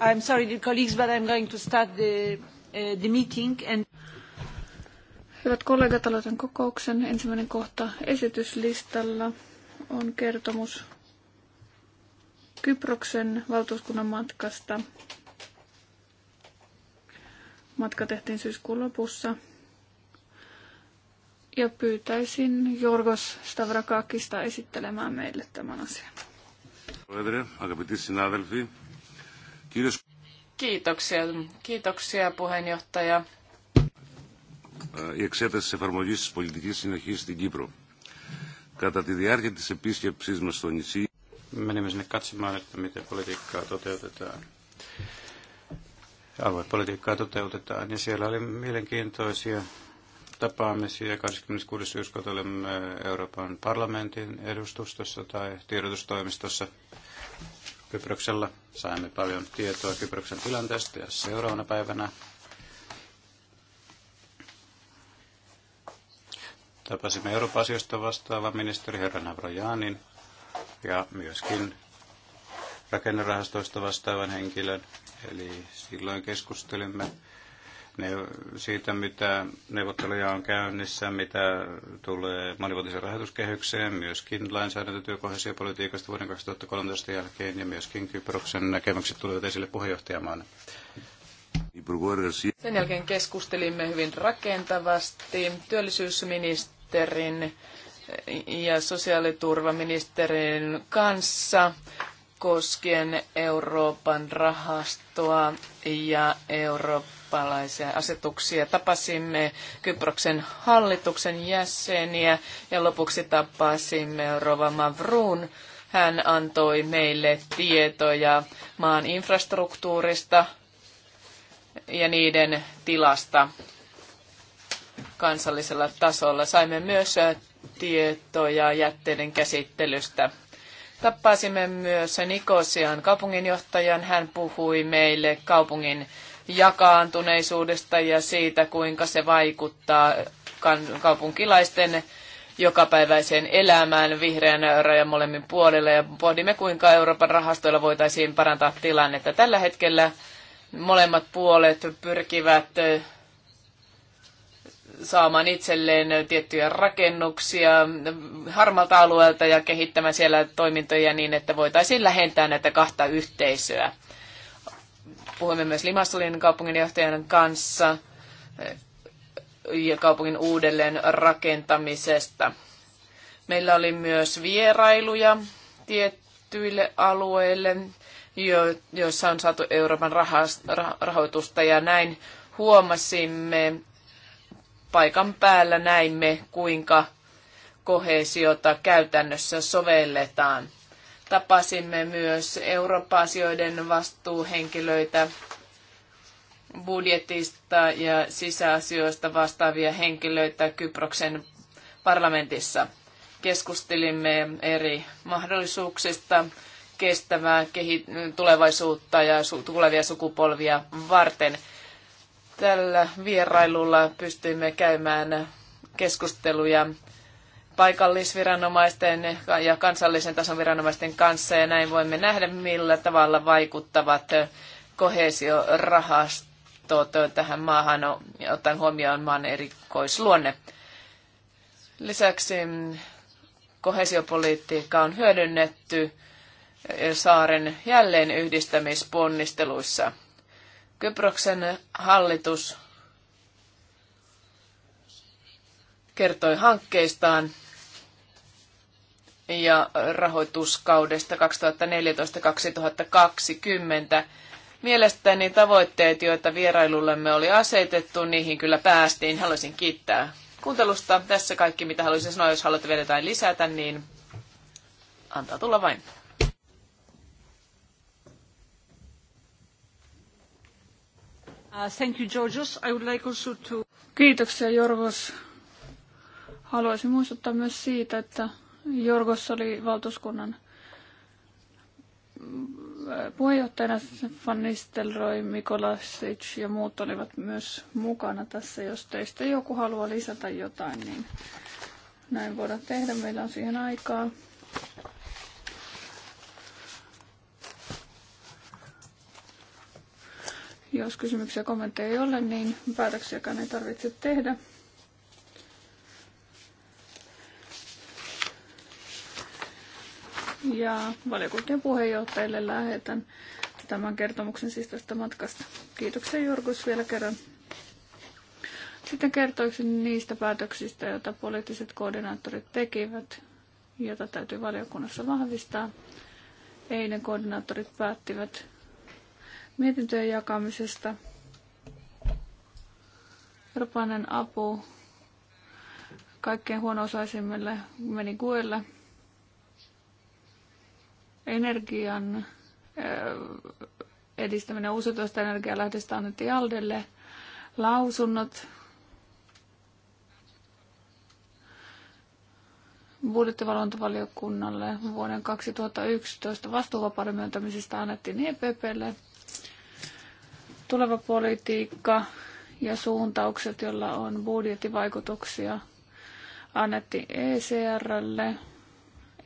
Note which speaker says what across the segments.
Speaker 1: I'm sorry, dear colleagues, but I'm going to start the, uh, the meeting and...
Speaker 2: Hyvät kollegat, aloitan kokouksen. Ensimmäinen kohta esityslistalla on kertomus Kyproksen valtuuskunnan matkasta. Matka tehtiin syyskuun lopussa. Ja pyytäisin Jorgos Stavrakakista esittelemään meille
Speaker 3: tämän asian. Kiitos. Kiitoksia. Kiitoksia puheenjohtaja.
Speaker 4: Η εξέταση τη εφαρμογή τη πολιτική συνοχή στην Κύπρο. Κατά τη διάρκεια τη επίσκεψή μα στο νησί, menimme sinne katsomaan, että miten politiikkaa toteutetaan. Aluepolitiikkaa toteutetaan. Ja siellä oli mielenkiintoisia tapaamisia. 26. syyskuuta olemme Euroopan parlamentin edustustossa tai tiedotustoimistossa Kyproksella. Saimme paljon tietoa Kyproksen tilanteesta ja seuraavana päivänä tapasimme Euroopan asioista vastaavan ministeri Herra Avrojaanin ja myöskin rakennerahastoista vastaavan henkilön. Eli silloin keskustelimme siitä, mitä neuvotteluja on käynnissä, mitä tulee monivuotisen rahoituskehykseen, myöskin lainsäädäntötyö politiikasta vuoden 2013 jälkeen ja myöskin Kyproksen näkemykset tulivat esille puheenjohtajamaana. Sen
Speaker 3: jälkeen keskustelimme hyvin rakentavasti työllisyysministerin ja sosiaaliturvaministerin kanssa koskien Euroopan rahastoa ja eurooppalaisia asetuksia. Tapasimme Kyproksen hallituksen jäseniä ja lopuksi tapasimme Rova Mavrun. Hän antoi meille tietoja maan infrastruktuurista ja niiden tilasta kansallisella tasolla. Saimme myös tietoja jätteiden käsittelystä. Tappasimme myös Nikosian kaupunginjohtajan. Hän puhui meille kaupungin jakaantuneisuudesta ja siitä, kuinka se vaikuttaa kaupunkilaisten jokapäiväiseen elämään vihreän rajan molemmin puolella ja pohdimme, kuinka Euroopan rahastoilla voitaisiin parantaa tilannetta. Tällä hetkellä molemmat puolet pyrkivät saamaan itselleen tiettyjä rakennuksia harmalta alueelta ja kehittämään siellä toimintoja niin, että voitaisiin lähentää näitä kahta yhteisöä. Puhuimme myös Limassolin kaupunginjohtajan kanssa ja kaupungin uudelleen rakentamisesta. Meillä oli myös vierailuja tiettyille alueille, joissa on saatu Euroopan rahoitusta ja näin huomasimme paikan päällä näimme, kuinka kohesiota käytännössä sovelletaan. Tapasimme myös Eurooppa-asioiden vastuuhenkilöitä budjetista ja sisäasioista vastaavia henkilöitä Kyproksen parlamentissa. Keskustelimme eri mahdollisuuksista kestävää kehi- tulevaisuutta ja su- tulevia sukupolvia varten. Tällä vierailulla pystyimme käymään keskusteluja paikallisviranomaisten ja kansallisen tason viranomaisten kanssa ja näin voimme nähdä, millä tavalla vaikuttavat kohesiorahastot tähän maahan ottaen huomioon maan erikoisluonne. Lisäksi kohesiopolitiikka on hyödynnetty saaren jälleen yhdistämisponnisteluissa. Kyproksen hallitus kertoi hankkeistaan ja rahoituskaudesta 2014-2020. Mielestäni tavoitteet, joita vierailullemme oli asetettu, niihin kyllä päästiin. Haluaisin kiittää kuuntelusta. Tässä kaikki, mitä haluaisin sanoa. Jos haluatte vielä jotain lisätä, niin antaa tulla vain.
Speaker 2: Uh, thank you, Georgios. I would like also to... Kiitoksia, Jorgos. Haluaisin muistuttaa myös siitä, että Jorgos oli valtuuskunnan äh, puheenjohtajana Van Nistelrooy, Mikolasic ja muut olivat myös mukana tässä. Jos teistä joku haluaa lisätä jotain, niin näin voidaan tehdä. Meillä on siihen aikaa. Jos kysymyksiä ja kommentteja ei ole, niin päätöksiäkään ei tarvitse tehdä. Ja valiokuntien puheenjohtajille lähetän tämän kertomuksen siis tästä matkasta. Kiitoksia Jorgus vielä kerran. Sitten kertoisin niistä päätöksistä, joita poliittiset koordinaattorit tekivät, jota täytyy valiokunnassa vahvistaa. Eilen koordinaattorit päättivät mietintöjen jakamisesta. Rapanen apu kaikkein huono-osaisimmille meni kuelle. Energian eh, edistäminen uusiutuvasta energialähdestä annettiin Aldelle. Lausunnot. budjettivalvontavaliokunnalle vuoden 2011 vastuuvapauden myöntämisestä annettiin EPPlle tuleva politiikka ja suuntaukset, joilla on budjettivaikutuksia, annettiin ECRlle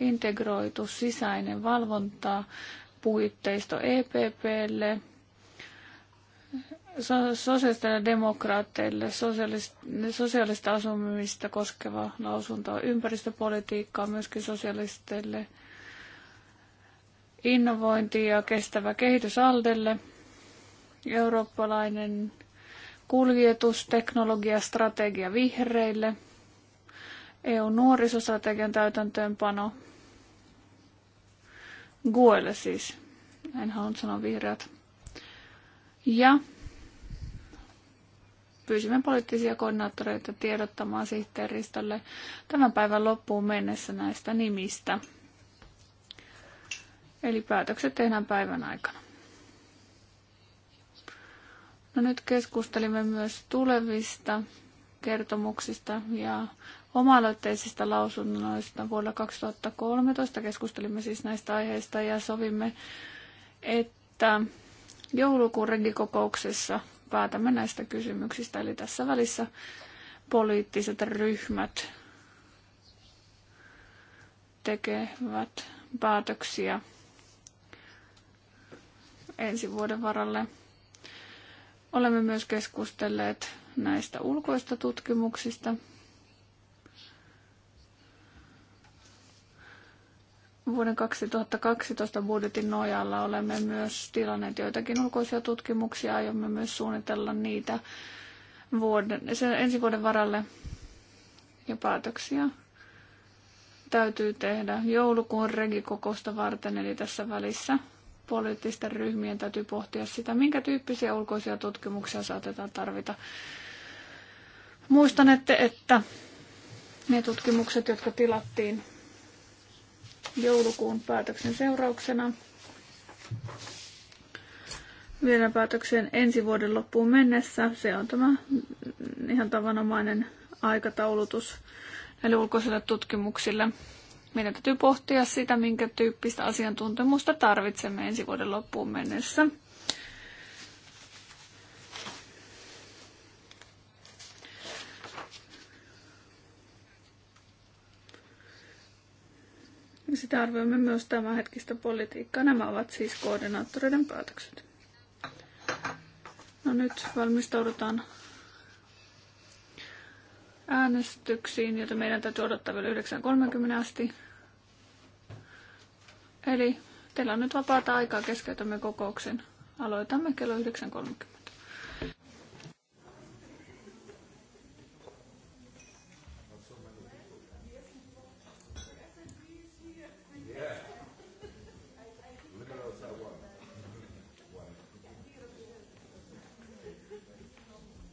Speaker 2: integroitu sisäinen valvonta puitteisto EPPlle, so- sosiaalisten demokraatteille sosiaalista, sosiaalista asumista koskeva lausunto, ympäristöpolitiikkaa myöskin sosiaalisteille, innovointi ja kestävä kehitys Aldelle – eurooppalainen kuljetusteknologiastrategia vihreille, EU-nuorisostrategian täytäntöönpano, Guelle siis, en halunnut sanoa vihreät. Ja pyysimme poliittisia koordinaattoreita tiedottamaan sihteeristölle tämän päivän loppuun mennessä näistä nimistä. Eli päätökset tehdään päivän aikana. No nyt keskustelimme myös tulevista kertomuksista ja oma-aloitteisista lausunnoista vuonna 2013. Keskustelimme siis näistä aiheista ja sovimme, että joulukuun regikokouksessa päätämme näistä kysymyksistä. Eli tässä välissä poliittiset ryhmät tekevät päätöksiä ensi vuoden varalle. Olemme myös keskustelleet näistä ulkoista tutkimuksista. Vuoden 2012 budjetin nojalla olemme myös tilanneet joitakin ulkoisia tutkimuksia. Aiomme myös suunnitella niitä vuoden, sen ensi vuoden varalle ja päätöksiä täytyy tehdä joulukuun regikokousta varten, eli tässä välissä – poliittisten ryhmien täytyy pohtia sitä, minkä tyyppisiä ulkoisia tutkimuksia saatetaan tarvita. Muistan, että, että ne tutkimukset, jotka tilattiin joulukuun päätöksen seurauksena, vielä päätökseen ensi vuoden loppuun mennessä. Se on tämä ihan tavanomainen aikataulutus näille ulkoisille tutkimuksille. Meidän täytyy pohtia sitä, minkä tyyppistä asiantuntemusta tarvitsemme ensi vuoden loppuun mennessä. Sitä arvioimme myös hetkistä politiikkaa. Nämä ovat siis koordinaattoreiden päätökset. No nyt valmistaudutaan äänestyksiin, joten meidän täytyy odottaa vielä 9.30 asti. Eli teillä on nyt vapaata aikaa, keskeytämme kokouksen. Aloitamme kello 9.30.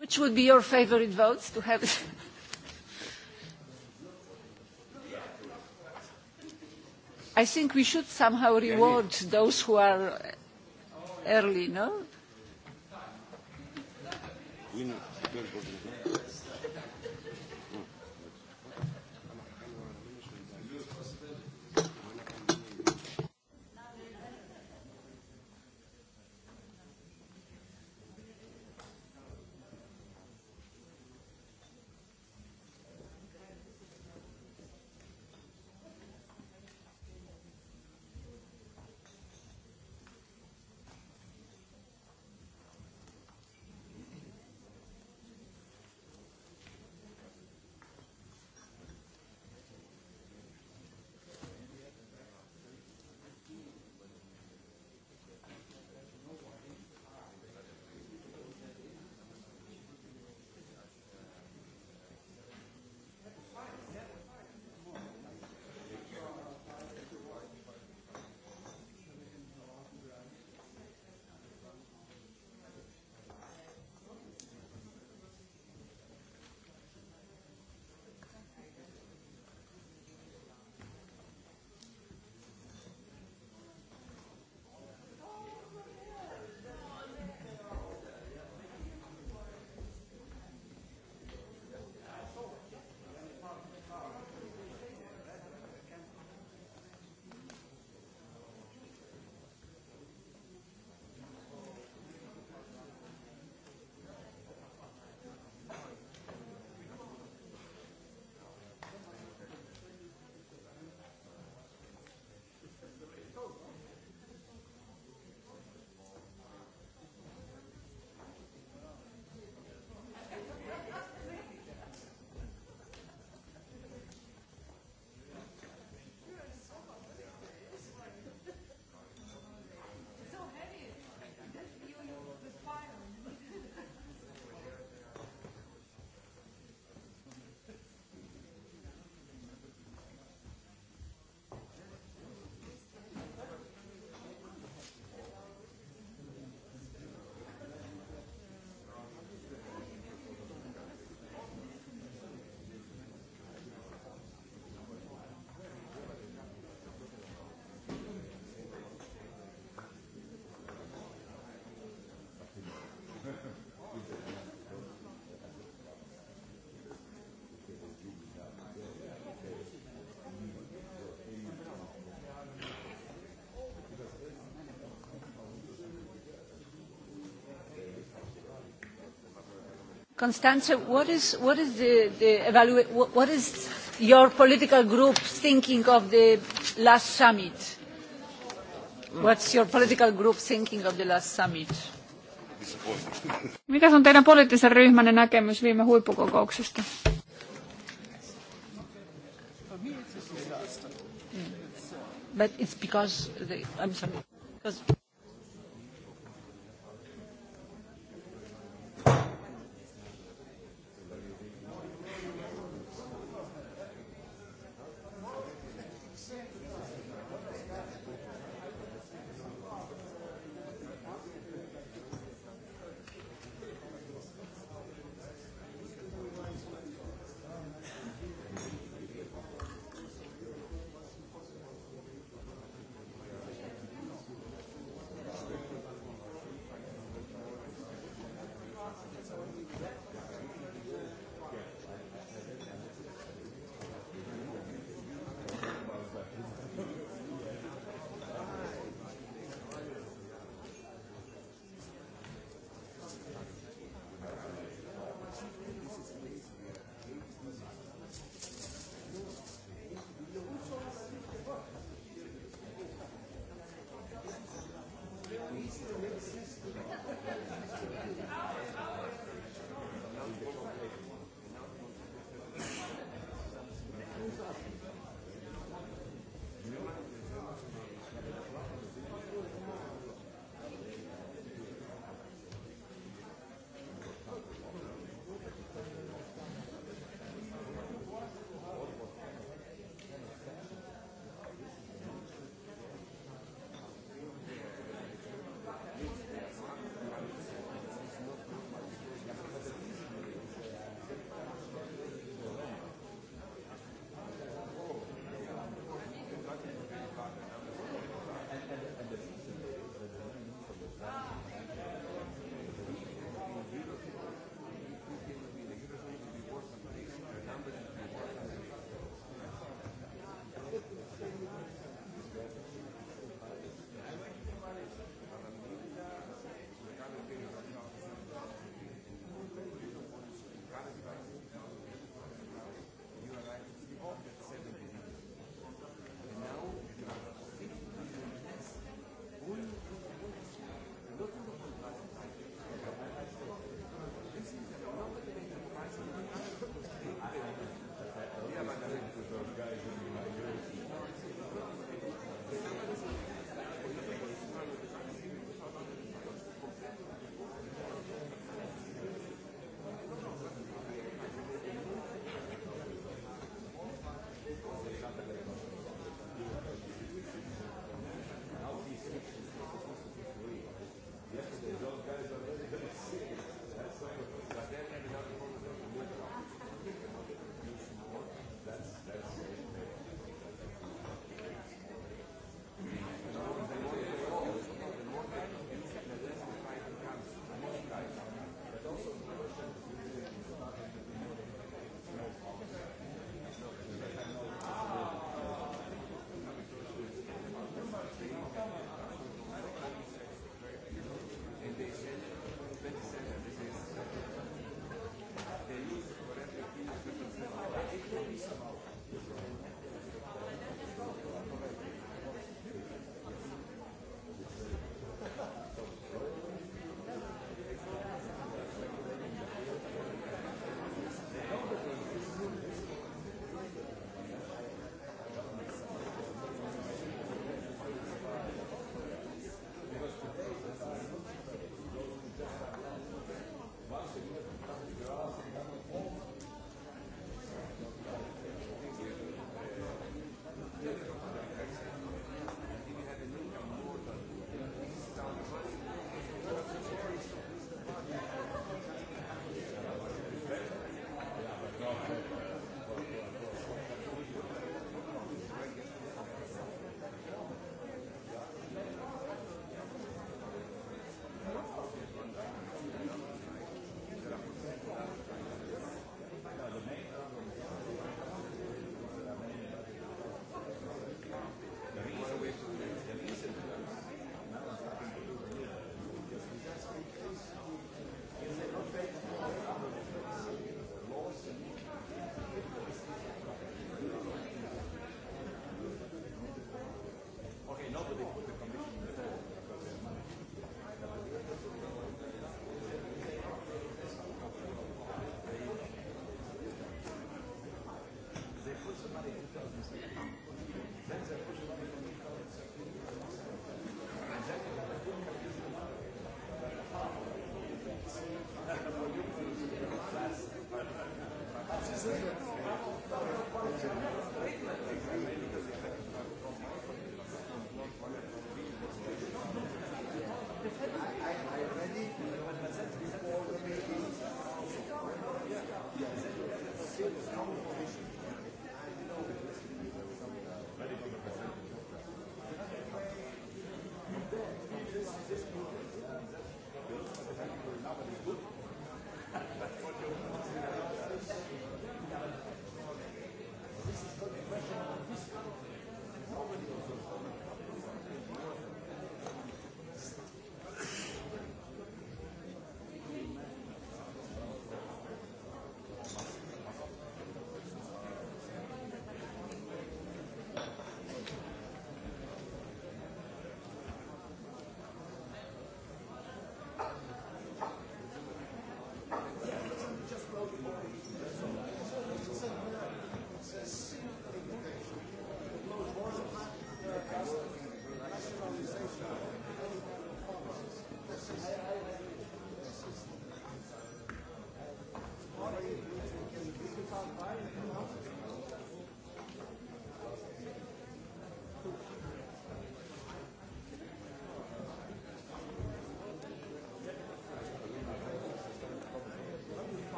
Speaker 1: Which would be your favorite votes to have I think we should somehow reward those who are early, no? Constanze, what is, what is, the, the evaluate, what is your political group thinking of the last summit?
Speaker 2: What's your political group thinking of the last summit? Mikä on teidän poliittisen ryhmänne näkemys viime huippukokouksesta? But it's
Speaker 1: because they, I'm sorry. Because I, I, I ready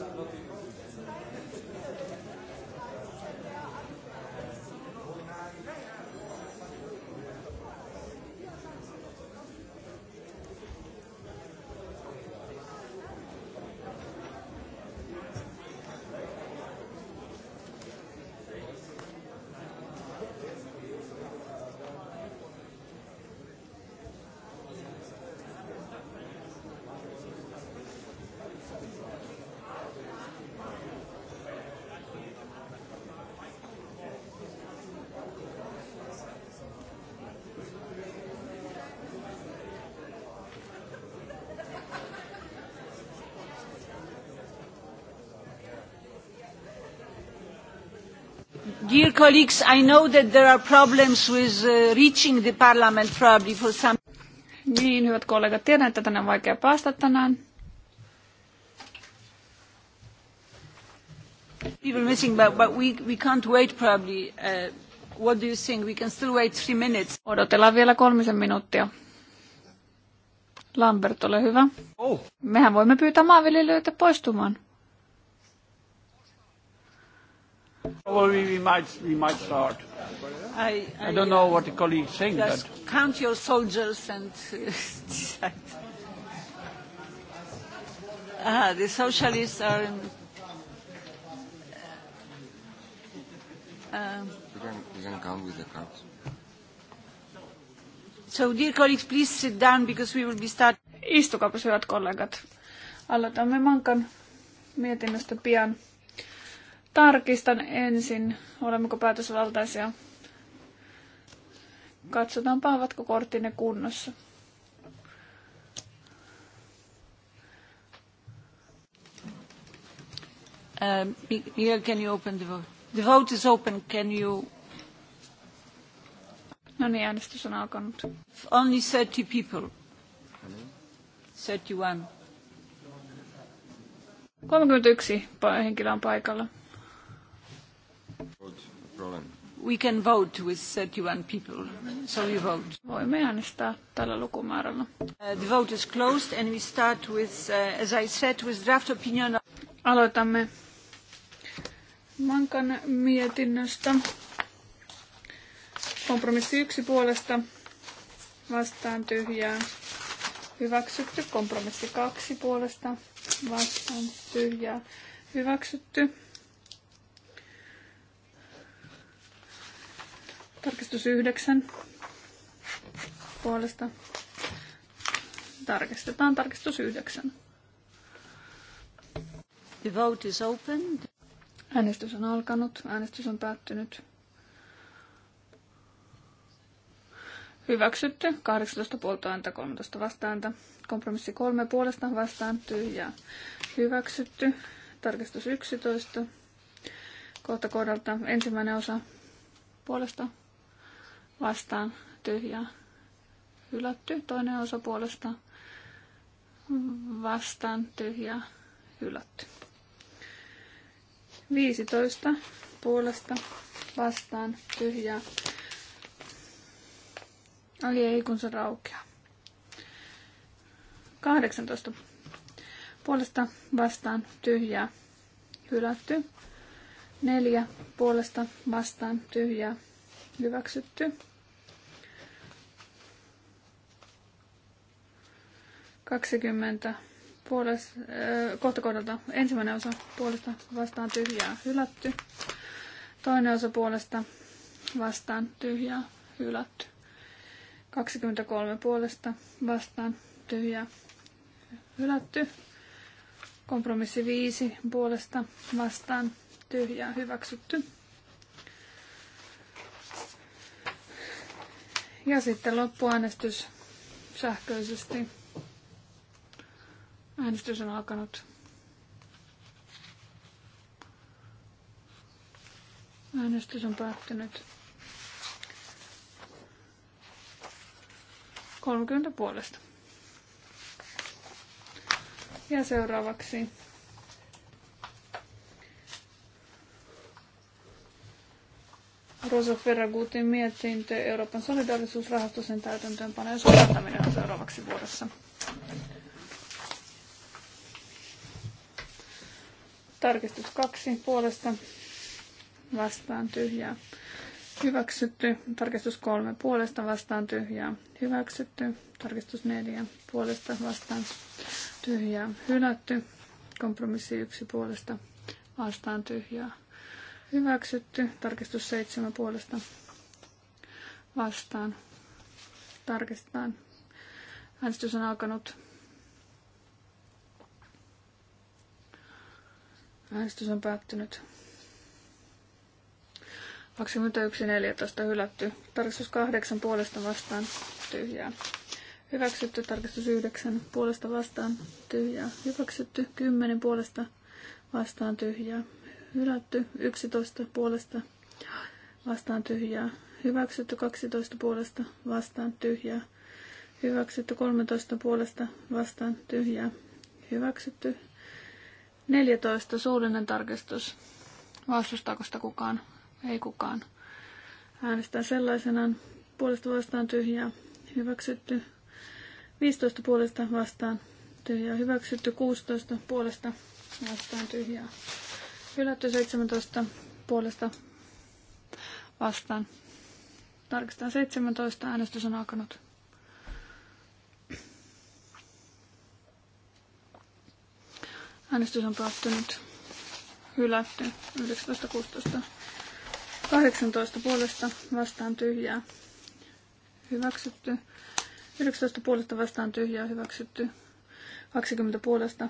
Speaker 1: Not Dear colleagues, I know that there are problems
Speaker 2: with uh, reaching the parliament probably for some... Niin, hyvät kollegat, tiedän, että tänään on vaikea päästä tänään.
Speaker 1: People missing, but, but we, we can't wait probably. Uh, what do you think? We can still
Speaker 2: wait three minutes. Odotellaan vielä kolmisen minuuttia. Lambert, ole hyvä. Oh. Mehän voimme pyytää maanviljelijöitä poistumaan.
Speaker 1: Well, we, we might we might start. I, I, I don't know
Speaker 4: uh, what the colleagues think. Just
Speaker 1: but count your soldiers and uh, decide. ah, the socialists are. In, uh, you, can, you can count with the cards.
Speaker 2: So, dear colleagues, please sit down because we will be starting. Istukaa hyvät kollegat. Aloitamme Mankan mietinnöstä pian. Tarkistan ensin, olemmeko päätösvaltaisia. Katsotaanpa, ovatko korttinne kunnossa. Um,
Speaker 1: Miguel, can you open the vote? The vote is open. Can you...
Speaker 2: No niin, äänestys on alkanut.
Speaker 1: Only 30 people.
Speaker 2: 31.
Speaker 1: 31 henkilöä on paikalla. We can vote with 31 people,
Speaker 2: so we vote. Voimme äänestää tällä lukumäärällä. Uh,
Speaker 1: the vote is closed
Speaker 2: and we start with, uh, as I said, with draft opinion. Aloitamme Mankan mietinnöstä. Kompromissi yksi puolesta vastaan tyhjää. Hyväksytty. Kompromissi kaksi puolesta vastaan tyhjää. Hyväksytty. Tarkistus yhdeksän puolesta. Tarkistetaan tarkistus yhdeksän.
Speaker 1: The vote is open.
Speaker 2: Äänestys on alkanut. Äänestys on päättynyt. Hyväksytty. 18 puolta ääntä, 13 vastaääntä. Kompromissi kolme puolesta vastaan tyhjää. Hyväksytty. Tarkistus 11. Kohta kohdalta ensimmäinen osa puolesta vastaan tyhjää hylätty. Toinen osa puolesta vastaan tyhjää hylätty. 15 puolesta vastaan tyhjää. Ai ei kun se raukeaa. 18 puolesta vastaan tyhjää hylätty. 4 puolesta vastaan tyhjää Hyväksytty. 20 äh, kohta kohdalta ensimmäinen osa puolesta vastaan tyhjää hylätty. Toinen osa puolesta vastaan tyhjää hylätty. 23 puolesta vastaan tyhjää hylätty. Kompromissi 5 puolesta vastaan tyhjää hyväksytty. Ja sitten loppuäänestys sähköisesti. Äänestys on alkanut. Äänestys on päättynyt. 30 puolesta. Ja seuraavaksi Rosa Ferragutin mietintö Euroopan solidaarisuusrahastosen sen ja soveltaminen on seuraavaksi vuodessa. Tarkistus kaksi puolesta vastaan tyhjää. Hyväksytty. Tarkistus kolme puolesta vastaan tyhjää. Hyväksytty. Tarkistus neljä puolesta vastaan tyhjää. Hylätty. Kompromissi yksi puolesta vastaan tyhjää Hyväksytty. Tarkistus 7 puolesta vastaan. Tarkistetaan. Äänestys on alkanut. Äänestys on päättynyt. 21.14 hylätty. Tarkistus 8 puolesta vastaan tyhjää. Hyväksytty. Tarkistus 9 puolesta vastaan tyhjää. Hyväksytty. 10 puolesta vastaan tyhjää hylätty 11 puolesta vastaan tyhjää, hyväksytty 12 puolesta vastaan tyhjää, hyväksytty 13 puolesta vastaan tyhjää, hyväksytty 14 suullinen tarkistus. Vastustaako sitä kukaan? Ei kukaan. Äänestän sellaisenaan puolesta vastaan tyhjää, hyväksytty 15 puolesta vastaan tyhjää, hyväksytty 16 puolesta vastaan tyhjää Hylätty 17 puolesta vastaan. Tarkistetaan 17. Äänestys on alkanut. Äänestys on päättynyt. Hylätty 16, 18 puolesta vastaan tyhjää. Hyväksytty. 19 puolesta vastaan tyhjää hyväksytty. 20 puolesta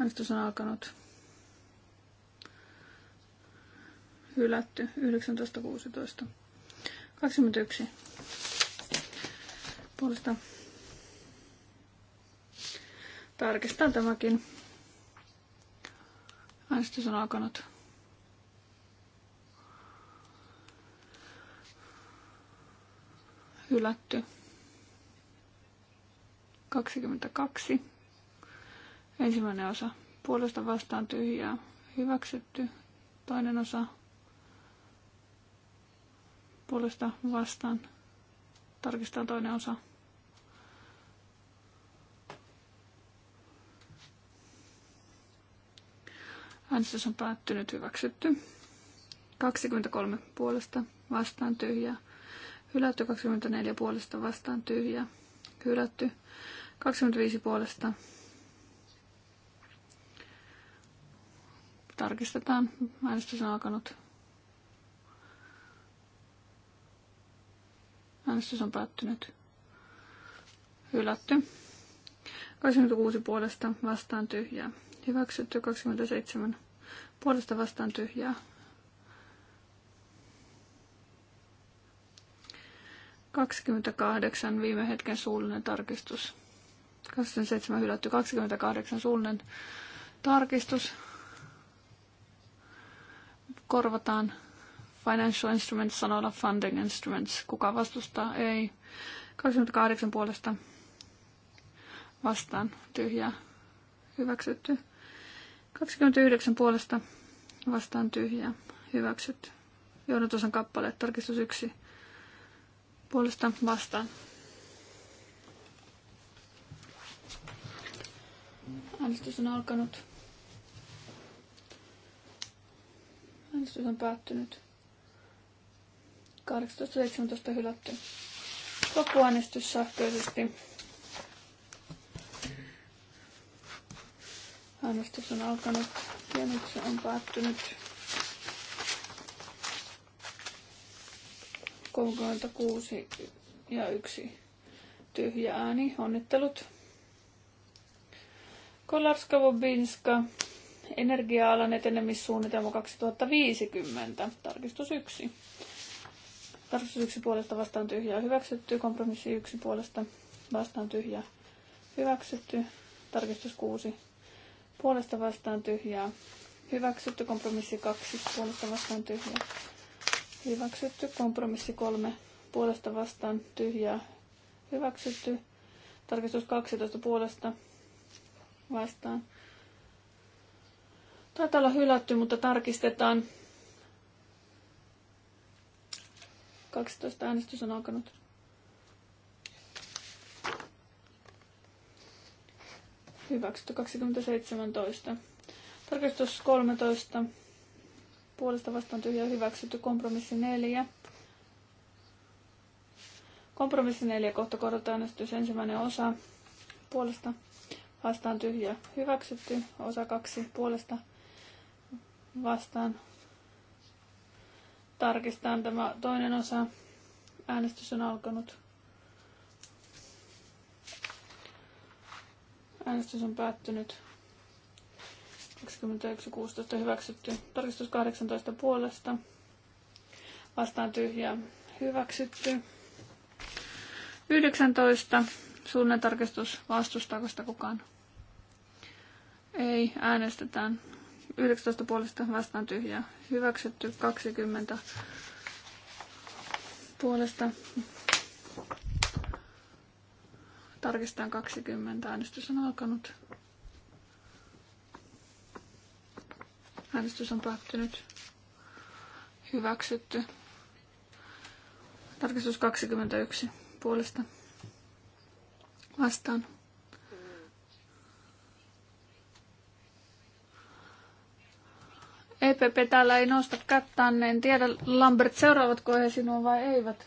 Speaker 2: Äänestys on alkanut. Hylätty 19.16. 21. Puolesta Tarkistan tämäkin. Äänestys on alkanut. Hylätty. 22. Ensimmäinen osa puolesta vastaan tyhjää hyväksytty. Toinen osa puolesta vastaan tarkistaa toinen osa. Äänestys on päättynyt hyväksytty. 23 puolesta vastaan tyhjää. Hylätty 24 puolesta vastaan tyhjää. Hylätty 25 puolesta Tarkistetaan. Äänestys on alkanut. Äänestys on päättynyt. Hylätty. 26 puolesta vastaan tyhjää. Hyväksytty 27 puolesta vastaan tyhjää. 28 viime hetken suullinen tarkistus. 27 hylätty 28 suullinen tarkistus korvataan financial instruments sanoilla funding instruments. Kuka vastustaa? Ei. 28 puolesta vastaan tyhjää. Hyväksytty. 29 puolesta vastaan tyhjää. Hyväksytty. Johdotusan kappale, tarkistus 1. Puolesta vastaan. Äänestys on alkanut. Äänestys on päättynyt. 18.17 hylätty. Loppuäänestys sähköisesti. Äänestys on alkanut ja nyt se on päättynyt. 36 ja 1 tyhjä ääni. Onnittelut. Kolarska Bobinska energia-alan etenemissuunnitelma 2050, tarkistus 1. Tarkistus 1 puolesta vastaan tyhjää hyväksytty, kompromissi 1 puolesta vastaan tyhjää hyväksytty, tarkistus 6 puolesta vastaan tyhjää hyväksytty, kompromissi 2 puolesta vastaan tyhjää hyväksytty, kompromissi 3 puolesta vastaan tyhjää hyväksytty, tarkistus 12 puolesta vastaan tyhjää. Taitaa olla hylätty, mutta tarkistetaan. 12 äänestys on alkanut. Hyväksytty 2017. Tarkistus 13. Puolesta vastaan tyhjä hyväksytty. Kompromissi 4. Kompromissi 4. Kohta korotaan äänestys Ensimmäinen osa. Puolesta vastaan tyhjä hyväksytty. Osa 2. Puolesta vastaan. Tarkistetaan tämä toinen osa. Äänestys on alkanut. Äänestys on päättynyt. 21.16 hyväksytty. Tarkistus 18 puolesta. Vastaan tyhjää. Hyväksytty. 19. Suunnan tarkistus. Vastustaako sitä kukaan? Ei. Äänestetään. 19 puolesta vastaan tyhjää. Hyväksytty 20 puolesta. Tarkistetaan 20. Äänestys on alkanut. Äänestys on päättynyt. Hyväksytty. Tarkistus 21 puolesta. Vastaan EPP täällä ei nosta kättään, en tiedä Lambert seuraavatko he sinua vai eivät.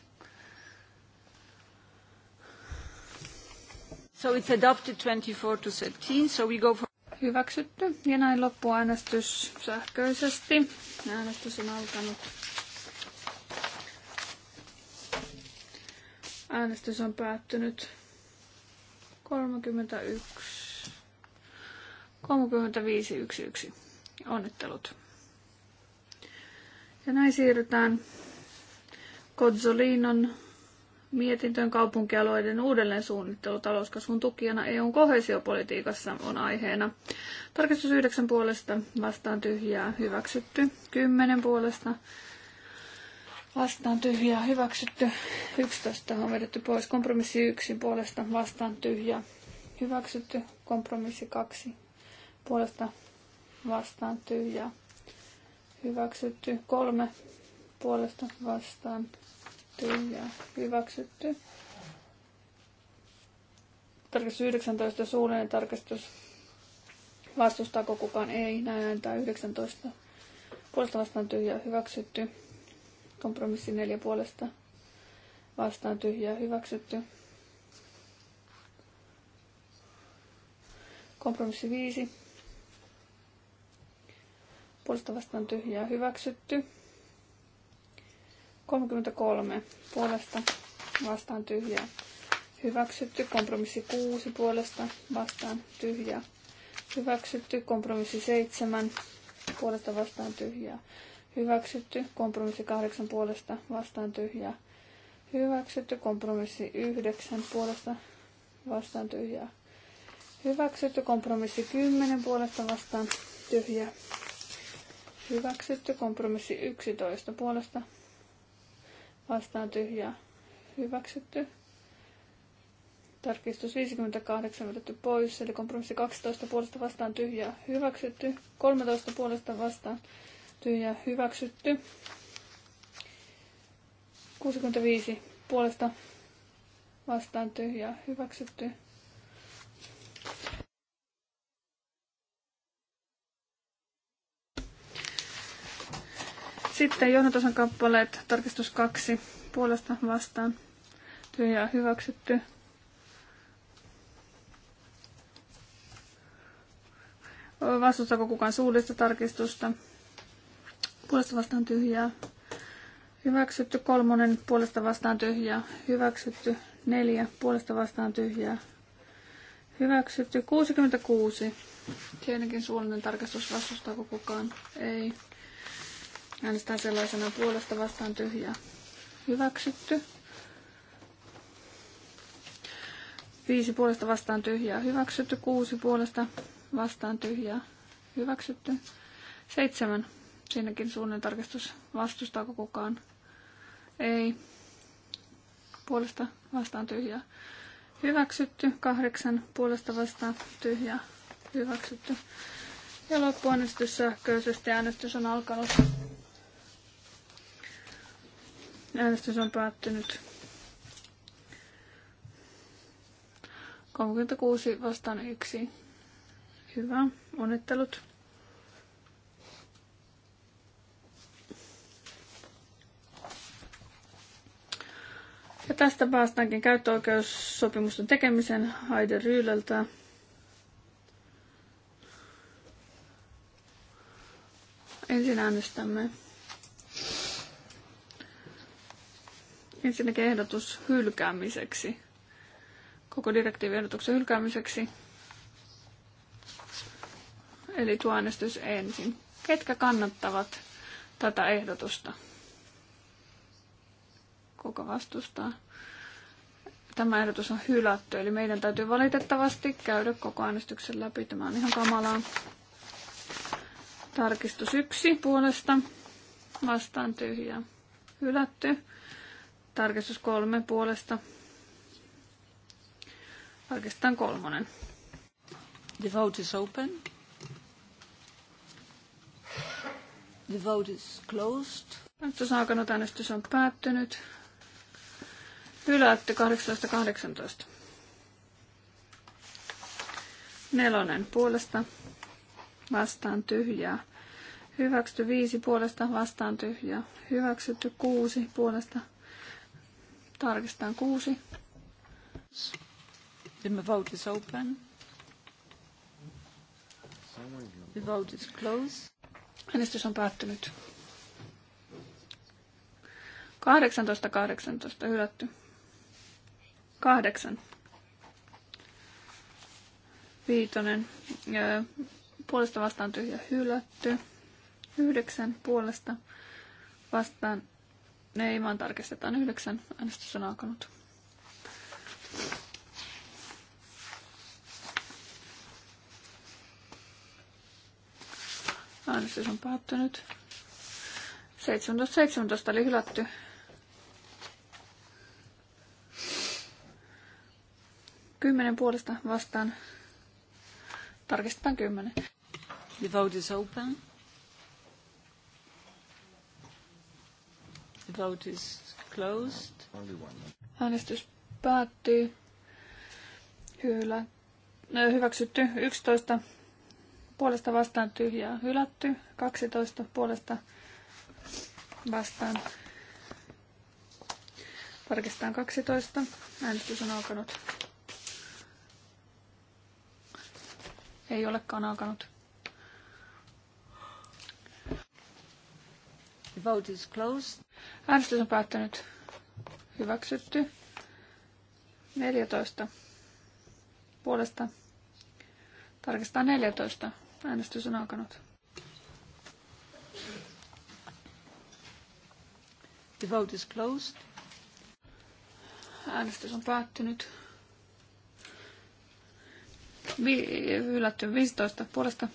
Speaker 2: So it's adopted 24 to 13, so we go for... Hyväksytty. Ja näin loppuäänestys sähköisesti. Äänestys on alkanut. Äänestys on päättynyt 31. 35.11. Onnittelut. Ja näin siirrytään Kozzolinon mietintöön kaupunkialueiden uudelleensuunnittelu talouskasvun tukijana EUn kohesiopolitiikassa on aiheena. Tarkistus yhdeksän puolesta vastaan tyhjää hyväksytty. 10 puolesta vastaan tyhjää hyväksytty. 11 on vedetty pois. Kompromissi 1 puolesta vastaan tyhjää hyväksytty. Kompromissi 2 puolesta vastaan tyhjää hyväksytty. Kolme puolesta vastaan tyhjää, hyväksytty. Tarkastus 19, suullinen tarkastus Vastustaako kukaan? Ei, näin ääntä 19. Puolesta vastaan tyhjää, hyväksytty. Kompromissi neljä puolesta vastaan tyhjää, hyväksytty. Kompromissi viisi puolesta vastaan tyhjää hyväksytty. 33 puolesta vastaan tyhjää hyväksytty. Kompromissi 6 puolesta vastaan tyhjää hyväksytty. Kompromissi 7 puolesta vastaan tyhjää hyväksytty. Kompromissi 8 puolesta vastaan tyhjää hyväksytty. Kompromissi 9 puolesta vastaan tyhjää hyväksytty. Kompromissi 10 puolesta vastaan tyhjää Hyväksytty kompromissi 11 puolesta. Vastaan tyhjää. Hyväksytty. Tarkistus 58 vedetty pois, eli kompromissi 12 puolesta vastaan tyhjää hyväksytty. 13 puolesta vastaan tyhjää hyväksytty. 65 puolesta vastaan tyhjää hyväksytty. Sitten johdatosan kappaleet, tarkistus kaksi, puolesta vastaan, tyhjä hyväksytty. Vastustako kukaan suullista tarkistusta? Puolesta vastaan tyhjää. Hyväksytty kolmonen, puolesta vastaan tyhjää. Hyväksytty neljä, puolesta vastaan tyhjää. Hyväksytty 66. Tietenkin suullinen tarkistus vastustaako kukaan? Ei. Äänestän sellaisena puolesta vastaan tyhjää. Hyväksytty. Viisi puolesta vastaan tyhjää. Hyväksytty. Kuusi puolesta vastaan tyhjää. Hyväksytty. Seitsemän. Siinäkin suunnan tarkistus. Vastustaako kukaan? Ei. Puolesta vastaan tyhjää. Hyväksytty. Kahdeksan. Puolesta vastaan tyhjää. Hyväksytty. Ja loppuäänestys sähköisesti. Äänestys on alkanut. Äänestys on päättynyt. 36 vastaan 1. Hyvä. Onnittelut. Ja tästä päästäänkin käyttöoikeussopimusten tekemisen Haide Ryylältä. Ensin äänestämme Ensinnäkin ehdotus hylkäämiseksi. Koko direktiiviehdotuksen hylkäämiseksi. Eli tuo äänestys ensin. Ketkä kannattavat tätä ehdotusta? Kuka vastustaa? Tämä ehdotus on hylätty, eli meidän täytyy valitettavasti käydä koko äänestyksen läpi. Tämä on ihan kamalaa. Tarkistus yksi puolesta. Vastaan tyhjä. Hylätty. Tarkistus kolme puolesta. Tarkistetaan kolmonen. The vote is
Speaker 1: open. The vote is
Speaker 2: closed. Äänestys on alkanut, äänestys on päättynyt. Hylätty 18.18. Nelonen puolesta vastaan tyhjää. Hyväksytty viisi puolesta vastaan tyhjää. Hyväksytty kuusi puolesta Tarkistetaan kuusi.
Speaker 1: The vote is open.
Speaker 2: The vote is closed. Äänestys on päättynyt. 18, 18, hylätty. 8. Viitonen. Puolesta vastaan tyhjä hylätty. 9. puolesta vastaan ne ei vaan tarkistetaan yhdeksän. Äänestys on alkanut. Äänestys on päättynyt. 17, 17 oli hylätty. Kymmenen puolesta vastaan. Tarkistetaan kymmenen. The
Speaker 1: vote is open. Vote is closed.
Speaker 2: Äänestys päättyy. Hylä. No, hyväksytty 11 puolesta vastaan tyhjää hylätty, 12 puolesta vastaan. Tarkistetaan 12. Äänestys on alkanut. Ei olekaan alkanut. The vote is closed. Äänestys on päättänyt. Hyväksytty. 14. Puolesta. Tarkistaa 14. Äänestys on alkanut. The vote is closed. Äänestys on päättynyt. Vi- yllätty 15 puolesta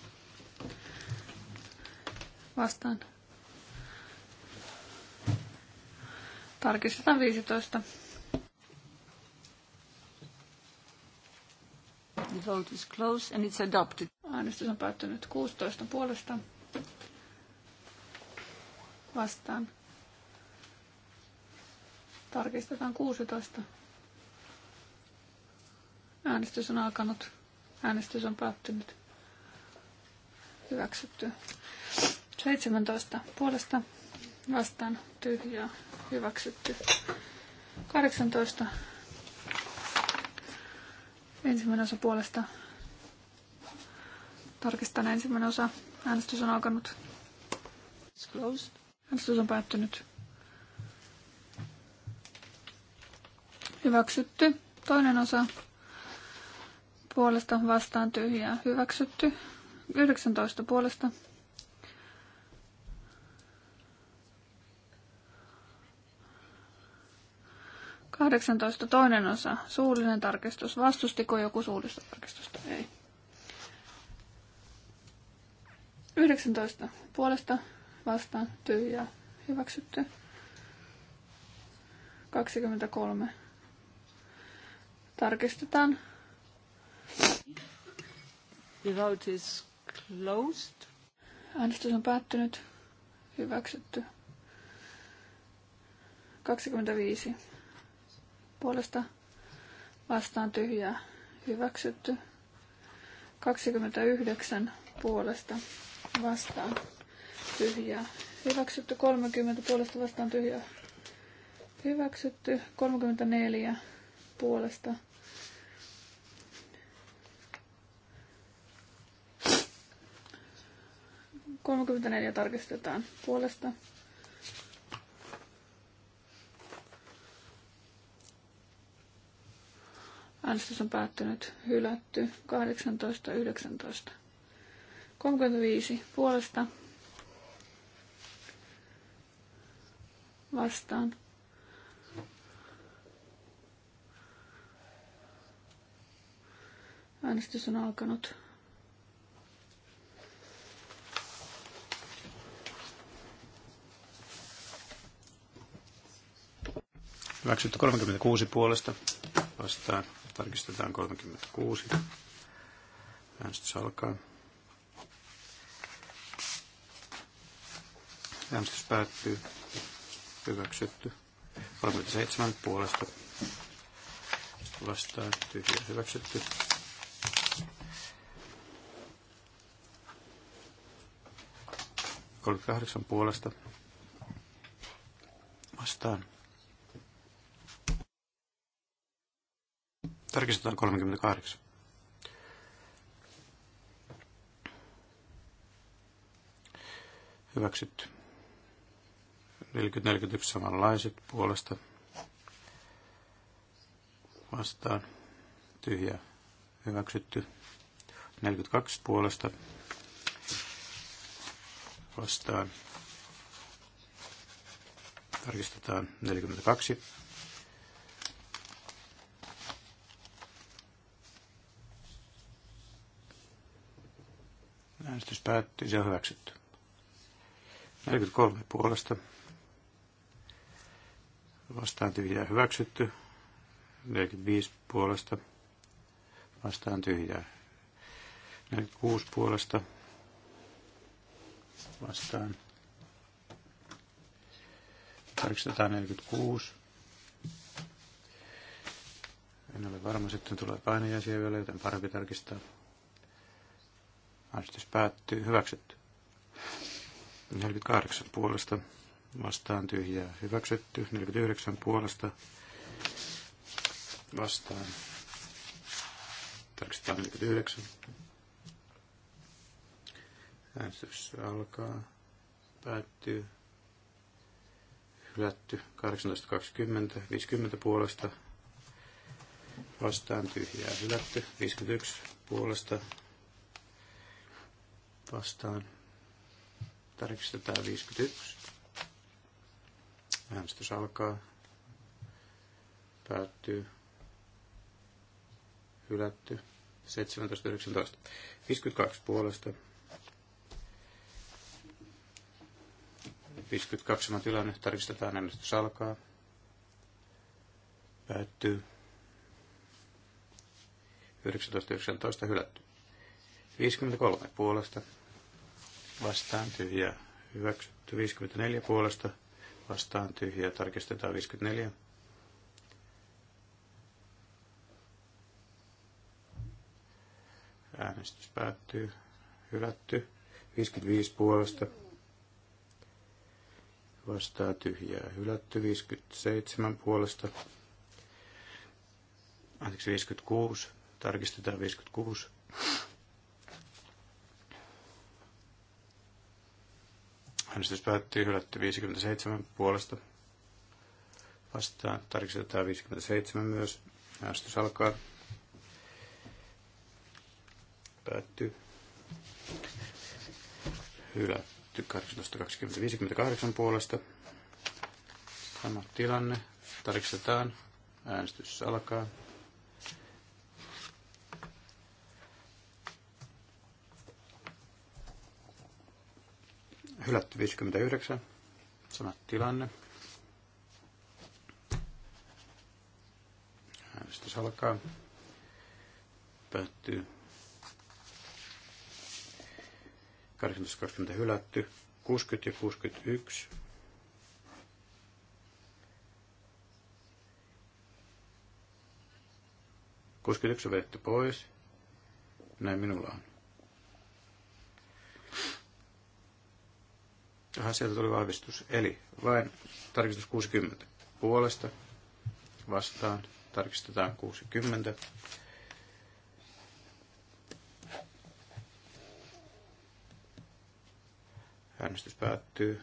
Speaker 2: vastaan Tarkistetaan 15. The vote is closed and it's adopted. Äänestys on päättynyt 16 puolesta. Vastaan. Tarkistetaan 16. Äänestys on alkanut. Äänestys on päättynyt. Hyväksytty. 17 puolesta vastaan tyhjää hyväksytty. 18. Ensimmäinen osa puolesta. Tarkistan ensimmäinen osa. Äänestys on alkanut. Äänestys on päättynyt. Hyväksytty. Toinen osa. Puolesta vastaan tyhjää. Hyväksytty. 19 puolesta 18 toinen osa, suullinen tarkistus. Vastustiko joku suullista tarkistusta? Ei. 19 puolesta vastaan tyhjää hyväksytty. 23 tarkistetaan. The vote is closed. Äänestys on päättynyt. Hyväksytty. 25 puolesta vastaan tyhjää hyväksytty. 29 puolesta vastaan tyhjää hyväksytty. 30 puolesta vastaan tyhjää hyväksytty. 34 puolesta neljä tarkistetaan puolesta. Äänestys on päättynyt. Hylätty. 18, 19. 35 puolesta. Vastaan. Äänestys on alkanut.
Speaker 4: Hyväksytty 36 puolesta vastaan Tarkistetaan 36. Äänestys alkaa. Äänestys päättyy. Hyväksytty. 37 puolesta. Vastaan tyhjä hyväksytty. kahdeksan puolesta. Vastaan 1938. Hyväksytty. 4041 samanlaiset puolesta vastaan. Tyhjä hyväksytty. 42 puolesta vastaan. Tarkistetaan 42. Äänestys päättyi, se on hyväksytty. 43 puolesta. Vastaan tyhjää hyväksytty. 45 puolesta. Vastaan tyhjää. 46 puolesta. Vastaan. 846. En ole varma, sitten tulee painajaisia vielä, joten parempi tarkistaa. Äänestys päättyy. Hyväksytty. 48 puolesta vastaan tyhjää. Hyväksytty. 49 puolesta vastaan. Tarkistetaan 49. Äänestys alkaa. Päättyy. Hylätty. 18.20. 50 puolesta vastaan tyhjää. Hylätty. 51 puolesta vastaan. Tarkistetaan 51. Äänestys alkaa. Päättyy. Hylätty. 17.19. 52 puolesta. 52 on tilanne. Tarkistetaan äänestys alkaa. Päättyy. 19.19 19, hylätty. 53 puolesta vastaan tyhjä, hyväksytty 54 puolesta, vastaan tyhjä, tarkistetaan 54. Äänestys päättyy, hylätty 55 puolesta, vastaan tyhjää hylätty 57 puolesta, anteeksi 56, tarkistetaan 56. Äänestys päättyy hylätty 57 puolesta. Vastaan tarkistetaan 57 myös. Äänestys alkaa. Päättyy. Hylätty 18.20.58 puolesta. Sama tilanne. Tarkistetaan. Äänestys alkaa. Hylätty 59. Sama tilanne. Äänestys alkaa. Päättyy. 18.20 hylätty. 60 ja 61. yksi on vedetty pois. Näin minulla on. Aha, sieltä tuli vahvistus. Eli vain tarkistus 60 puolesta vastaan. Tarkistetaan 60. Äänestys päättyy.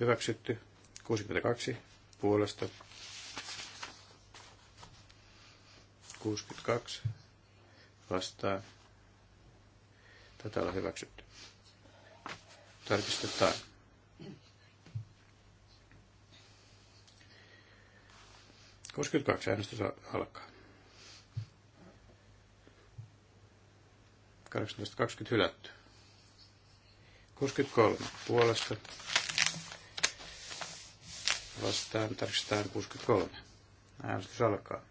Speaker 4: Hyväksytty. 62 puolesta. 62 vastaan. Tätä on hyväksytty tarkistetaan. Kuusikymmentäkaksi äänestys alkaa. 18.20 hylätty. 63 puolesta. Vastaan tarkistetaan 63. Äänestys alkaa.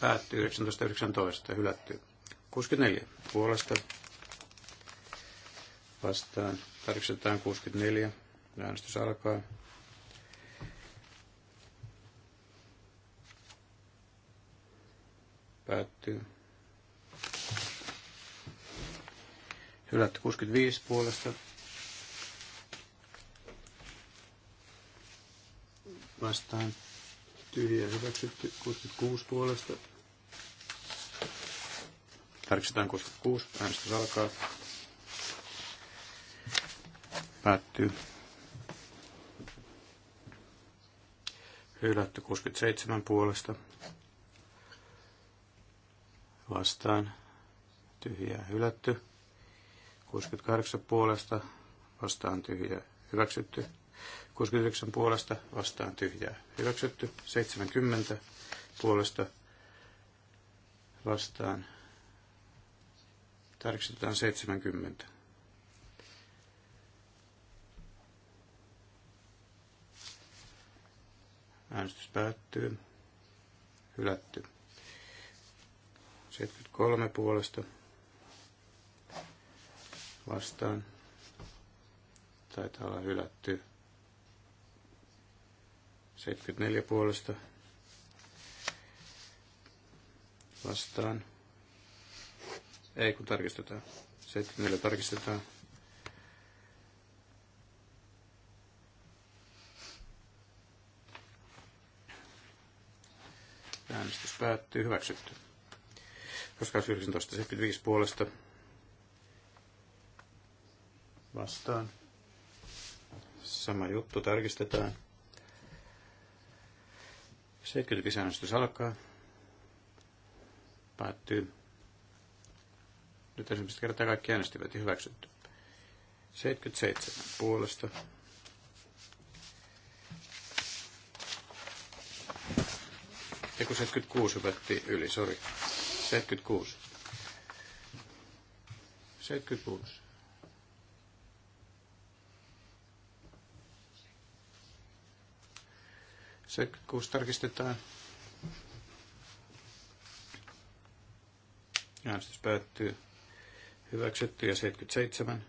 Speaker 4: päättyy 1919, hylätty. 64 puolesta vastaan. Tarkistetaan 64. Äänestys alkaa. Päättyy. Hylätty 65 puolesta. Vastaan tyhjä hyväksytty 66 puolesta. Tarkistetaan 66, äänestys alkaa. Päättyy. Hylätty 67 puolesta. Vastaan. Tyhjää hylätty. 68 puolesta. Vastaan tyhjää hyväksytty. 69 puolesta vastaan tyhjää. Hyväksytty 70 puolesta vastaan. Tarkistetaan 70. Äänestys päättyy. Hylätty. 73 puolesta vastaan. Taitaa olla hylätty. 74 puolesta vastaan. Ei kun tarkistetaan. 74 tarkistetaan. Äänestys päättyy. Hyväksytty. Koska 1975 puolesta vastaan. Sama juttu tarkistetaan. 75 äänestys alkaa. Päättyy. Nyt ensimmäistä kertaa kaikki äänestivät ja hyväksytty. 77 puolesta. Ja kun 76 hyvätti yli, sori. 76. 76. kun tarkistetaan. Äänestys päättyy. Hyväksytty ja 77.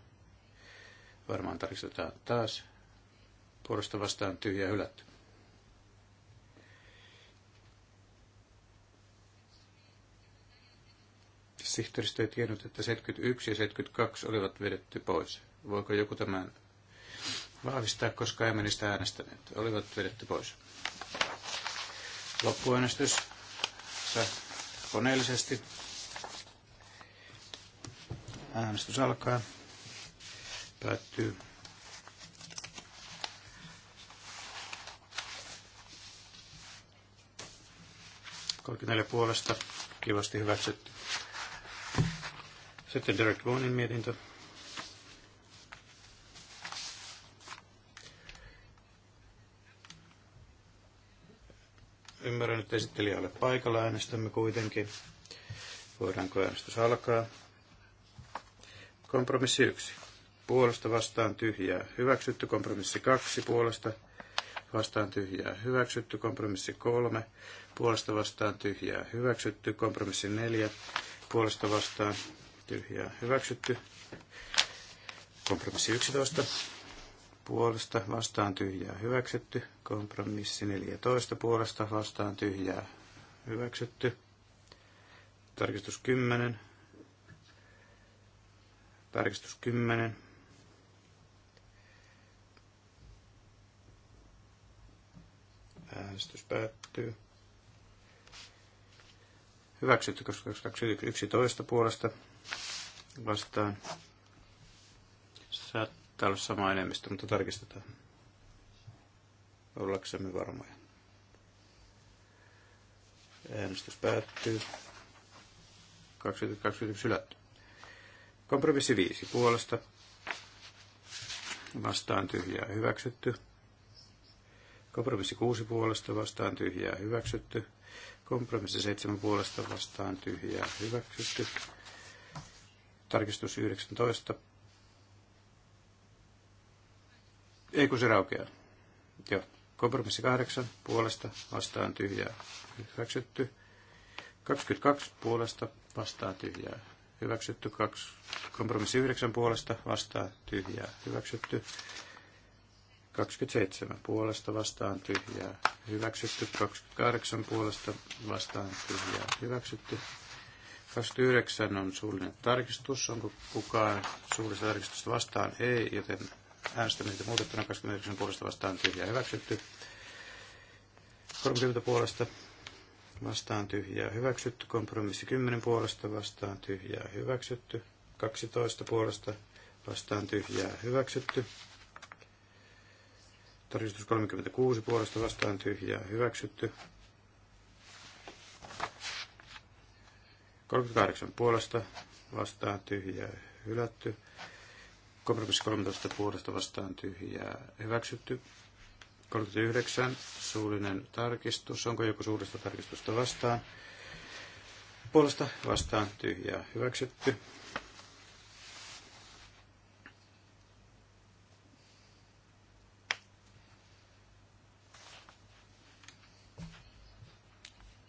Speaker 4: Varmaan tarkistetaan taas. Puolesta vastaan tyhjä hylätty. Sihteeristö ei tiennyt, että 71 ja 72 olivat vedetty pois. Voiko joku tämän vahvistaa, koska emme niistä äänestäneet. Olivat vedetty pois. Loppuäänestys koneellisesti. Äänestys alkaa. Päättyy. neljä puolesta. Kivasti hyväksytty. Sitten Derek Vaughanin mietintö. nyt esittelijä ole paikalla, äänestämme kuitenkin. Voidaanko äänestys alkaa? Kompromissi 1. Puolesta vastaan tyhjää. Hyväksytty kompromissi 2. Puolesta vastaan tyhjää. Hyväksytty kompromissi 3. Puolesta vastaan tyhjää. Hyväksytty kompromissi 4. Puolesta vastaan tyhjää. Hyväksytty kompromissi 11 puolesta vastaan tyhjää hyväksytty. Kompromissi 14 puolesta vastaan tyhjää hyväksytty. Tarkistus 10. Tarkistus 10. Äänestys päättyy. Hyväksytty, koska 11 puolesta vastaan. Sat. Täällä on sama enemmistö, mutta tarkistetaan. Ollaksemme varmoja. Äänestys päättyy. 2021 ylätty. Kompromissi 5 puolesta. Vastaan tyhjää hyväksytty. Kompromissi 6 puolesta vastaan tyhjää hyväksytty. Kompromissi 7 puolesta vastaan tyhjää hyväksytty. Tarkistus 19 Ei kun se raukeaa. Joo. Kompromissi kahdeksan puolesta vastaan tyhjää hyväksytty. 22 puolesta vastaan tyhjää hyväksytty. Kaksi. Kompromissi yhdeksän puolesta vastaan tyhjää hyväksytty. 27 puolesta vastaan tyhjää hyväksytty. 28 puolesta vastaan tyhjää hyväksytty. 29 on suullinen tarkistus. Onko kukaan suullista tarkistusta vastaan? Ei, joten Äänestäminen muutettuna 29 puolesta vastaan tyhjää hyväksytty. 30 puolesta vastaan tyhjää hyväksytty. Kompromissi 10 puolesta vastaan tyhjää hyväksytty. 12 puolesta vastaan tyhjää hyväksytty. Tarkistus 36 puolesta vastaan tyhjää hyväksytty. 38 puolesta vastaan tyhjää hylätty. Kompromissi 13 puolesta vastaan tyhjää hyväksytty. 39 suullinen tarkistus. Onko joku suurista tarkistusta vastaan? Puolesta vastaan tyhjää hyväksytty.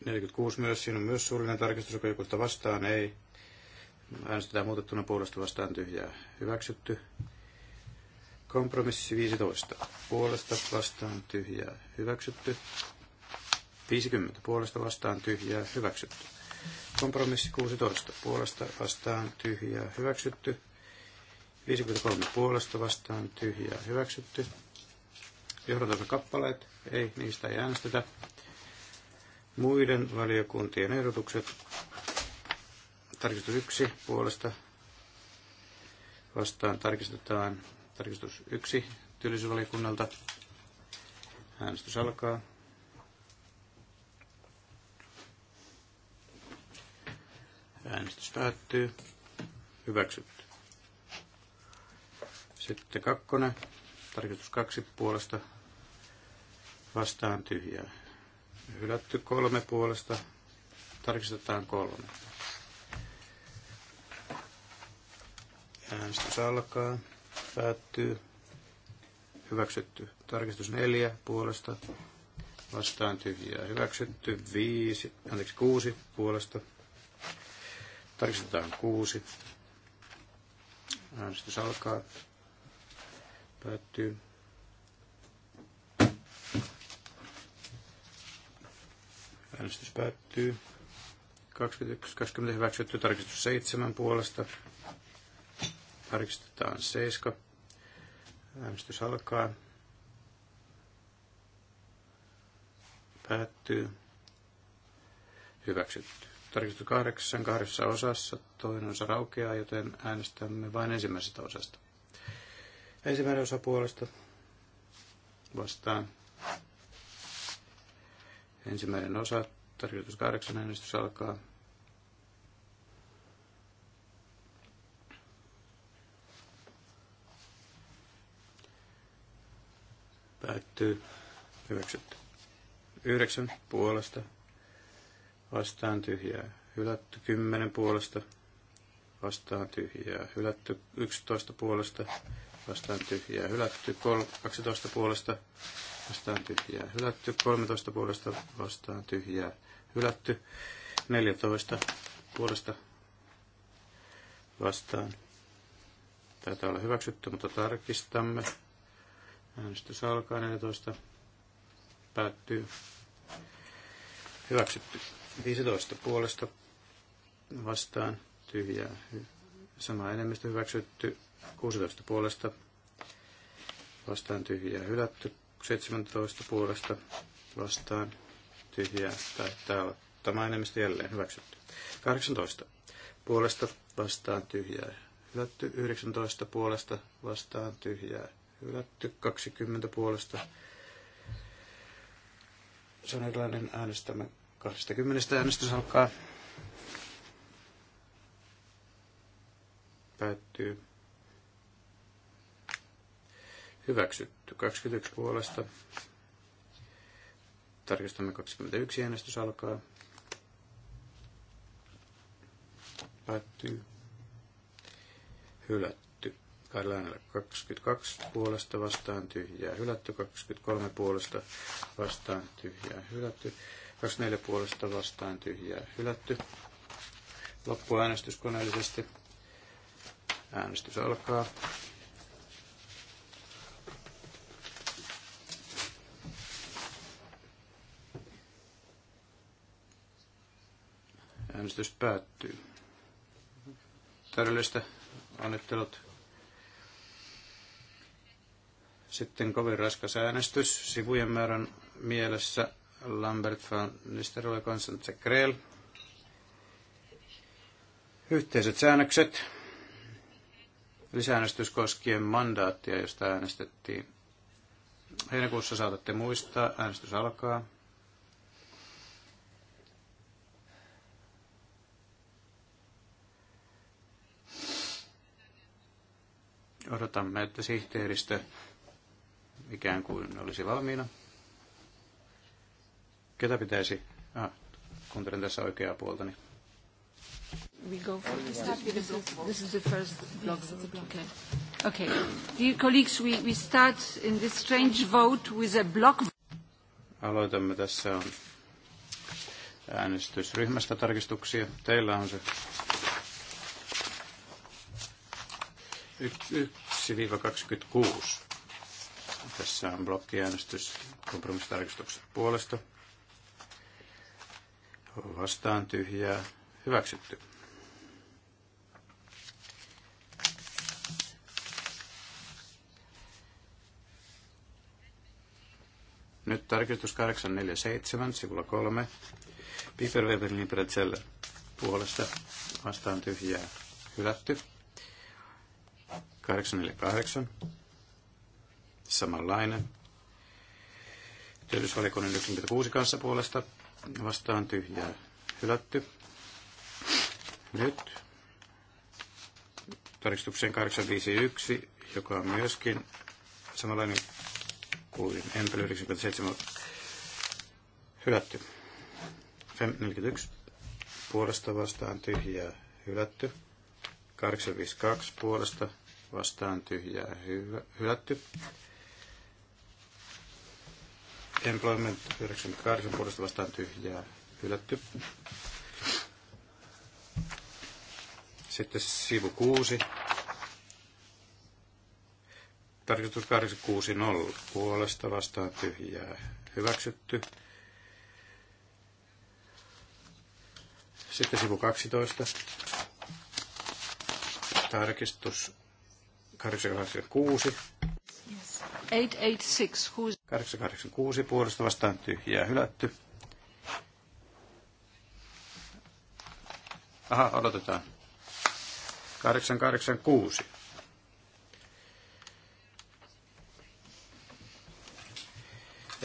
Speaker 4: Neljäkymmentäkuusi myös, siinä on myös suurinen tarkistus, joka joku vastaan ei. Äänestetään muutettuna puolesta vastaan tyhjää. Hyväksytty. Kompromissi 15. Puolesta vastaan tyhjää. Hyväksytty. 50. Puolesta vastaan tyhjää. Hyväksytty. Kompromissi 16. Puolesta vastaan tyhjää. Hyväksytty. 53. Puolesta vastaan tyhjää. Hyväksytty. Johdatonsa kappaleet. Ei, niistä ei äänestetä. Muiden valiokuntien ehdotukset Tarkistus 1 puolesta vastaan tarkistetaan tarkistus 1 työllisyysvaliokunnalta. Äänestys alkaa. Äänestys päättyy. Hyväksytty. Sitten kakkonen. Tarkistus kaksi puolesta. Vastaan tyhjää. Hylätty kolme puolesta. Tarkistetaan kolme. Äänestys alkaa. Päättyy. Hyväksytty. Tarkistus neljä puolesta. Vastaan tyhjää. Hyväksytty. viisi anteeksi kuusi puolesta. Tarkistetaan kuusi Äänestys alkaa. Päättyy. Äänestys päättyy. 21, 20 hyväksytty tarkistus 7 puolesta Tarkistetaan 7. Äänestys alkaa. Päättyy. Hyväksytty. Tarkistus kahdeksan kahdessa osassa. Toinen osa raukeaa, joten äänestämme vain ensimmäisestä osasta. Ensimmäinen osa puolesta vastaan. Ensimmäinen osa. Tarkistus kahdeksan äänestys alkaa. päättyy, hyväksytty. Yhdeksän puolesta vastaan tyhjää, hylätty. Kymmenen puolesta vastaan tyhjää, hylätty. Yksitoista puolesta vastaan tyhjää, hylätty. Kol- 12 puolesta vastaan tyhjää, hylätty. 13 puolesta vastaan tyhjää, hylätty. 14 puolesta vastaan. Taitaa olla hyväksytty, mutta tarkistamme. Äänestys alkaa 14. Päättyy. Hyväksytty. 15 puolesta vastaan tyhjää. Sama enemmistö hyväksytty. 16 puolesta vastaan tyhjää hylätty. 17 puolesta vastaan tyhjää taitaa olla tämä enemmistö jälleen hyväksytty. 18 puolesta vastaan tyhjää hylätty. 19 puolesta vastaan tyhjää hylätty 20 puolesta. Se on erilainen äänestämme 20 äänestys alkaa. Päättyy. Hyväksytty 21 puolesta. Tarkistamme 21 äänestys alkaa. Päättyy. Hylätty kahdella 22 puolesta vastaan tyhjää hylätty, 23 puolesta vastaan tyhjää hylätty, 24 puolesta vastaan tyhjää hylätty. Loppuäänestys koneellisesti. Äänestys alkaa. Äänestys päättyy. Täydellistä onnittelut sitten kovin raskas äänestys sivujen määrän mielessä Lambert van Nistelrooy, Konstantse Krell. Yhteiset säännökset. Lisäänestys koskien mandaattia, josta äänestettiin. Heinäkuussa saatatte muistaa, äänestys alkaa. Odotamme, että sihteeristö ikään kuin olisi valmiina. Ketä pitäisi? Ah, kuuntelen tässä oikeaa puolta. Niin-
Speaker 1: we go for this. This is the first block. Okay. Okay. Dear colleagues, we, we start in this strange vote with a block.
Speaker 4: Aloitamme tässä on äänestysryhmästä tarkistuksia. Teillä on se 1-26. Tässä on blokkiäänestys kompromissitarkistuksen puolesta. Vastaan tyhjää. Hyväksytty. Nyt tarkistus 847, sivulla 3. Piper Weberlin puolesta vastaan tyhjää hylätty. 848 samanlainen. Työllisyysvaliokunnan 96 kanssa puolesta vastaan tyhjää hylätty. Nyt tarkistukseen 851, joka on myöskin samanlainen kuin Empel 97 hylätty. Fem 41 puolesta vastaan tyhjää hylätty. 852 puolesta vastaan tyhjää hylätty. Employment 98 puolesta vastaan tyhjää hylätty. Sitten sivu 6. Tarkistus 860 puolesta vastaan tyhjää hyväksytty. Sitten sivu 12. Tarkistus 886
Speaker 1: 886,
Speaker 4: puolesta vastaan tyhjää hylätty. Aha, odotetaan. 886.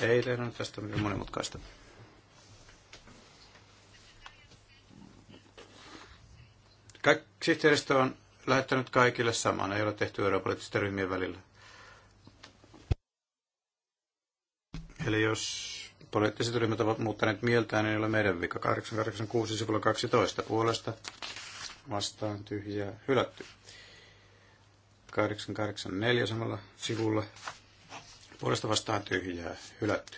Speaker 4: Ei tehdä nyt tästä mitään monimutkaista. Kaik- Sihteeristö on lähettänyt kaikille saman, ei ole tehty europoliittisten ryhmien välillä. Eli jos poliittiset ryhmät ovat muuttaneet mieltään, niin ei ole meidän vika. 886 sivulla 12 puolesta vastaan tyhjää hylätty. 884 samalla sivulla puolesta vastaan tyhjää hylätty.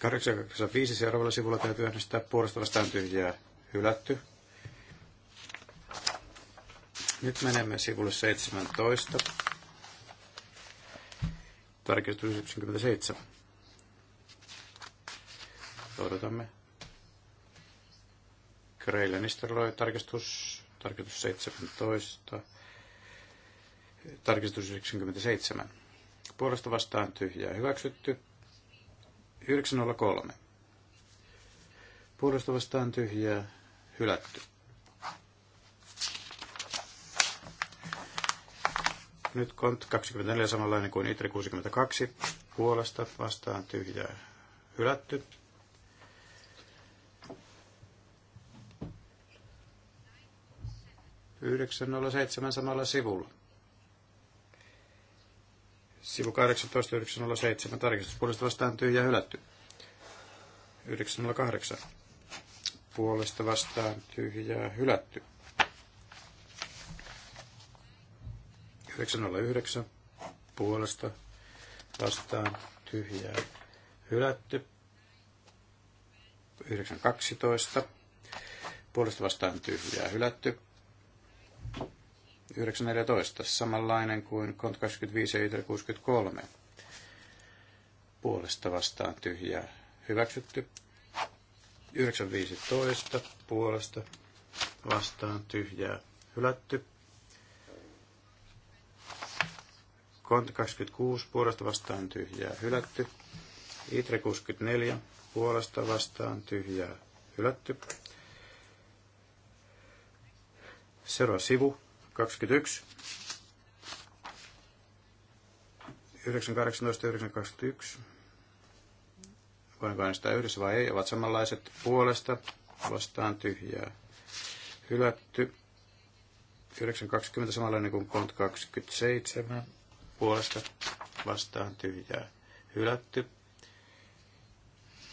Speaker 4: Kahdeksan viisi seuraavalla sivulla täytyy äänestää puolesta vastaan tyhjää hylätty. Nyt menemme sivulle 17. Tarkistus 97. Odotamme. Kreillä Nisterloi tarkistus, tarkistus 17. Tarkistus 97. Puolesta vastaan tyhjää hyväksytty. 903. Puolesta vastaan tyhjää hylätty. Nyt kont 24 samanlainen kuin itri 62 puolesta vastaan tyhjää hylätty. seitsemän samalla sivulla. Sivu 18, 907, tarkistuspuolesta vastaan tyhjä hylätty. 908 puolesta vastaan tyhjää hylätty. 909 puolesta vastaan tyhjää hylätty. 912 puolesta vastaan tyhjää hylätty. 914 samanlainen kuin kont 25 ja 63 puolesta vastaan tyhjää hyväksytty. 9.15 puolesta vastaan tyhjää hylätty. Kont 26 puolesta vastaan tyhjää hylätty. Itre 64 puolesta vastaan tyhjää hylätty. Seuraava sivu 21. 918 voinko äänestää yhdessä vai ei, ovat samanlaiset puolesta vastaan tyhjää. Hylätty 920 samanlainen kuin kont 27 puolesta vastaan tyhjää. Hylätty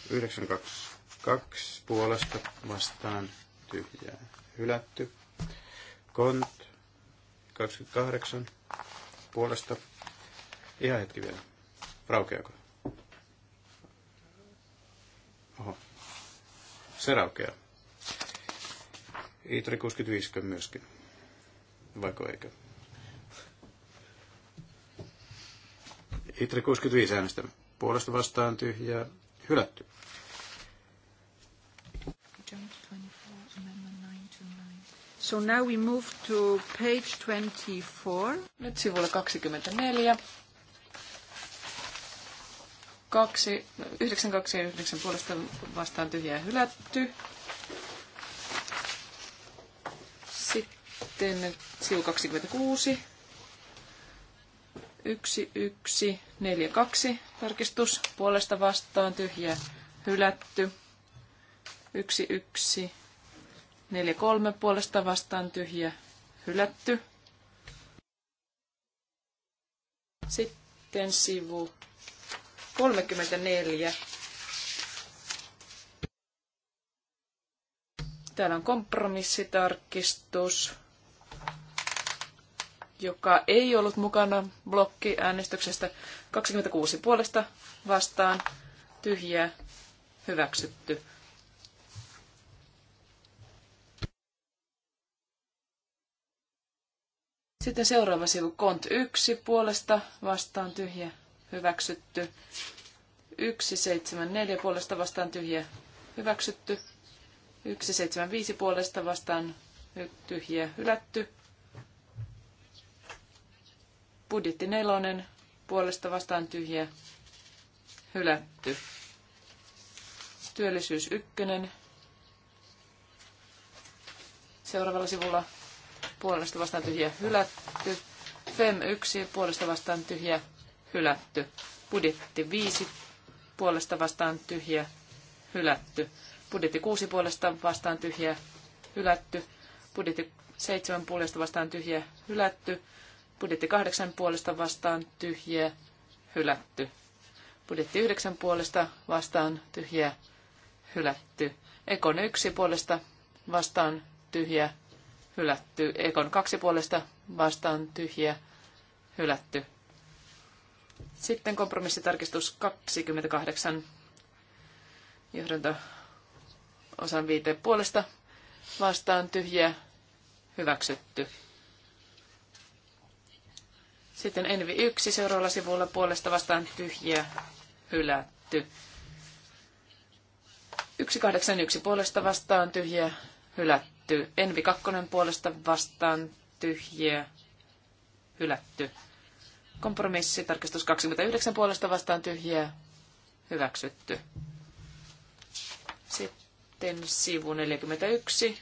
Speaker 4: 922 puolesta vastaan tyhjää. Hylätty kont 28 puolesta. Ihan hetki vielä. Raukeako? Oho. Se raukeaa. Iitri 65 myöskin. Vaiko eikö? Itri 65 äänestä Puolesta vastaan tyhjää. Hylätty. So
Speaker 1: now we move to page 24. Nyt sivulle 24
Speaker 3: kaksi 9, 2 ja 9 puolesta vastaan tyhjää hylätty. Sitten sivu 26. 1, 1, 4, 2 tarkistus. Puolesta vastaan tyhjää hylätty. 1, 1, 4, 3 puolesta vastaan tyhjä hylätty. Sitten sivu 34. Täällä on kompromissitarkistus, joka ei ollut mukana blokkiäänestyksessä. 26 puolesta vastaan, tyhjää, hyväksytty. Sitten seuraava sivu, kont 1 puolesta vastaan tyhjä, hyväksytty. neljä puolesta vastaan tyhjä hyväksytty. viisi puolesta vastaan tyhjä hylätty. Budjetti nelonen puolesta vastaan tyhjä hylätty. Työllisyys ykkönen. Seuraavalla sivulla puolesta vastaan tyhjä hylätty. FEM 1 puolesta vastaan tyhjä hylätty. Budjetti 5 puolesta vastaan tyhjä, hylätty. Budjetti 6 puolesta vastaan tyhjä, hylätty. Budjetti 7 puolesta vastaan tyhjä, hylätty. Budjetti 8 puolesta vastaan tyhjä, hylätty. Budjetti 9 puolesta vastaan tyhjä, hylätty. Ekon 1 puolesta vastaan tyhjä, hylätty. Ekon 2 puolesta vastaan tyhjä, hylätty. Sitten kompromissitarkistus 28 johdanto osan viiteen puolesta vastaan tyhjä hyväksytty. Sitten Envi 1 seuraavalla sivulla puolesta vastaan tyhjä hylätty. 181 puolesta vastaan tyhjä hylätty. Envi 2 puolesta vastaan tyhjä hylätty. Kompromissi, tarkistus 29 puolesta vastaan tyhjiä, hyväksytty. Sitten sivu 41.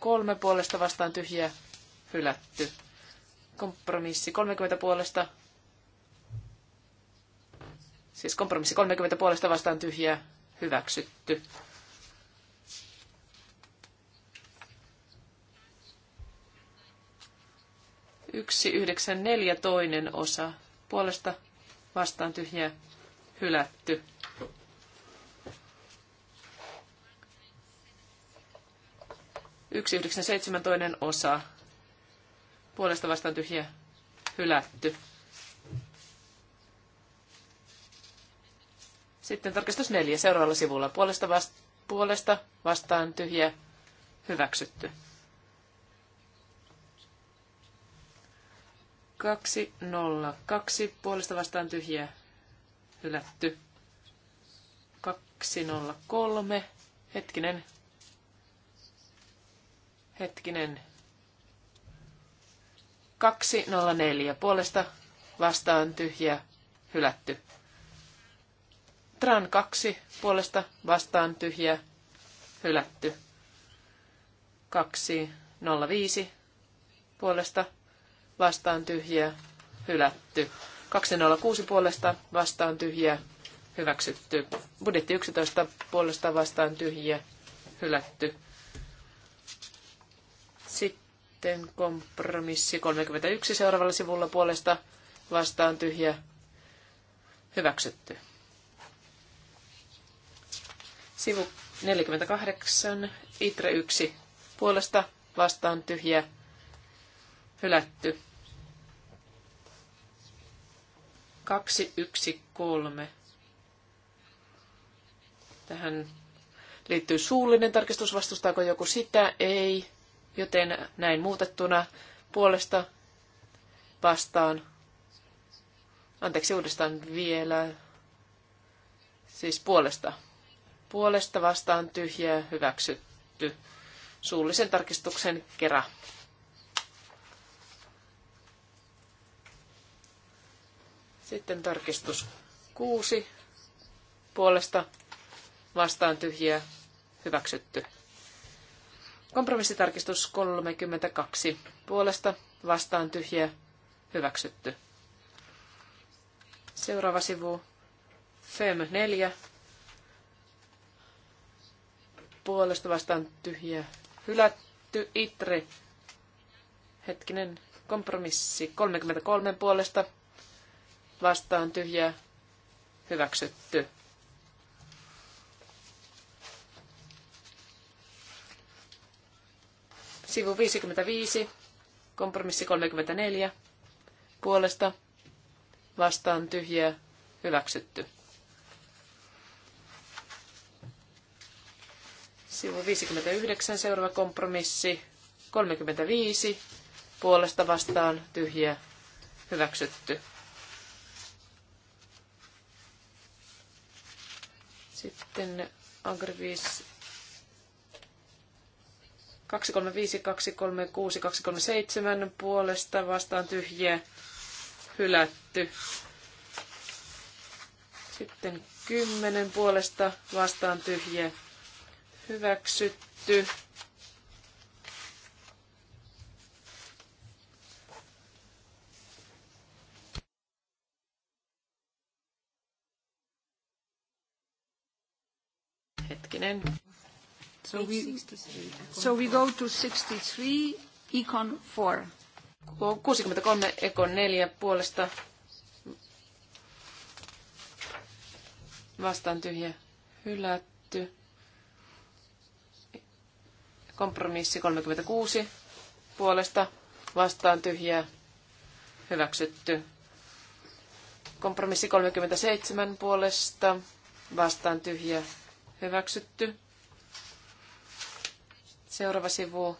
Speaker 3: kolme puolesta vastaan tyhjiä, hylätty. Kompromissi 30 puolesta. Siis kompromissi 30 puolesta vastaan tyhjiä, hyväksytty. 194 toinen osa. Puolesta vastaan tyhjää hylätty. Yksi yhdeksän seitsemän toinen osa. Puolesta vastaan tyhjä hylätty. Sitten tarkistus neljä seuraavalla sivulla. Puolesta, vast, puolesta vastaan tyhjä hyväksytty. kaksi nolla kaksi puolesta vastaan tyhjä, hylätty. kaksi nolla kolme hetkinen, hetkinen. kaksi nolla neljä puolesta vastaan tyhjä, hylätty. Tran 2, puolesta vastaan tyhjä, hylätty. kaksi nolla viisi puolesta vastaan tyhjiä, hylätty. 206 puolesta vastaan tyhjiä, hyväksytty. Budjetti 11 puolesta vastaan tyhjiä, hylätty. Sitten kompromissi 31 seuraavalla sivulla puolesta vastaan tyhjä, hyväksytty. Sivu 48, itre 1, puolesta vastaan tyhjä, hylätty. 213. Tähän liittyy suullinen tarkistus. Vastustaako joku sitä? Ei. Joten näin muutettuna puolesta vastaan. Anteeksi uudestaan vielä. Siis puolesta. Puolesta vastaan tyhjää hyväksytty. Suullisen tarkistuksen kerran. Sitten tarkistus kuusi puolesta vastaan tyhjiä hyväksytty. Kompromissitarkistus 32 puolesta vastaan tyhjiä hyväksytty. Seuraava sivu FEM 4 puolesta vastaan tyhjiä hylätty. ITRE hetkinen kompromissi 33 puolesta vastaan tyhjä hyväksytty. Sivu 55, kompromissi 34, puolesta vastaan tyhjä hyväksytty. Sivu 59, seuraava kompromissi 35, puolesta vastaan tyhjä hyväksytty. Sitten Agrivis 235, 236, 237 puolesta vastaan tyhjiä hylätty. Sitten 10 puolesta vastaan tyhjiä hyväksytty. hetkinen. So we, so we go to 63, Econ 4. 63, Econ 4 puolesta vastaan tyhjä hylätty. Kompromissi 36 puolesta vastaan tyhjä hyväksytty. Kompromissi 37 puolesta vastaan tyhjä Hyväksytty. Seuraava sivu.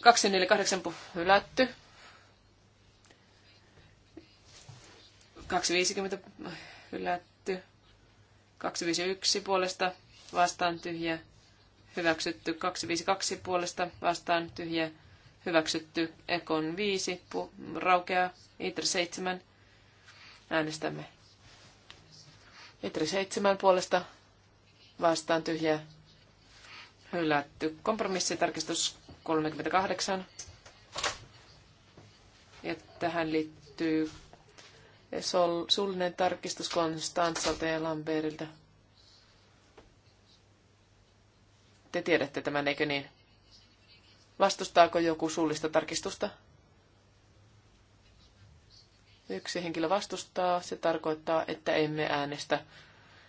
Speaker 3: 248 hylätty. 250 hylätty. 251 puolesta vastaan tyhjä. Hyväksytty. 252 puolesta vastaan tyhjä. Hyväksytty. Ekon 5 pu- raukeaa. Iter 7. Äänestämme Vitri seitsemän puolesta vastaan tyhjä. hylätty. Kompromissitarkistus 38. Ja tähän liittyy sol, suullinen tarkistus Konstantsalta ja Lambertilta. Te tiedätte tämän, eikö niin? Vastustaako joku suullista tarkistusta? yksi henkilö vastustaa, se tarkoittaa, että emme äänestä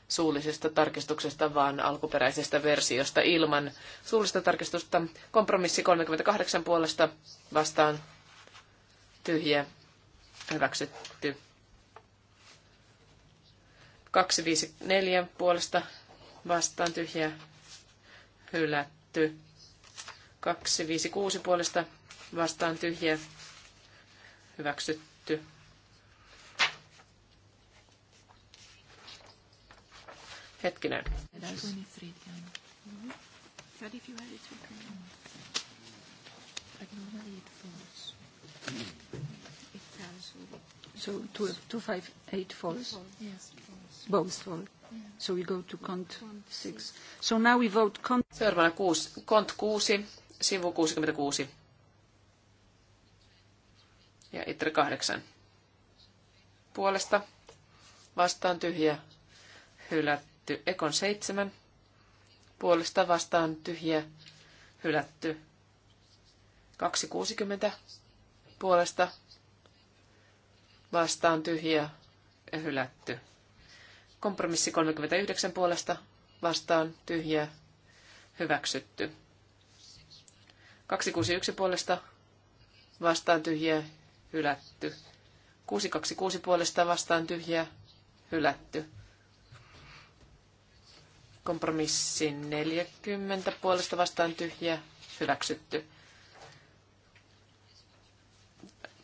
Speaker 3: suullisesta tarkistuksesta, vaan alkuperäisestä versiosta ilman suullista tarkistusta. Kompromissi 38 puolesta vastaan tyhjä hyväksytty. 254 puolesta vastaan tyhjä hylätty. 256 puolesta vastaan tyhjä hyväksytty. Hetkinen.
Speaker 1: So two, two five eight falls. Yes, Both fall. So
Speaker 3: we go to cont six. So now we vote cont. Seuraavana kuusi, cont kuusi, sivu 66. Ja itre kahdeksan. Puolesta vastaan tyhjä hylätty hylätty. Ekon 7 puolesta vastaan tyhjä hylätty. 260 puolesta vastaan tyhjä hylätty. Kompromissi 39 puolesta vastaan tyhjä hyväksytty. 261 puolesta vastaan tyhjä hylätty. 626 puolesta vastaan tyhjä hylätty. Kompromissin 40 puolesta vastaan tyhjä hyväksytty.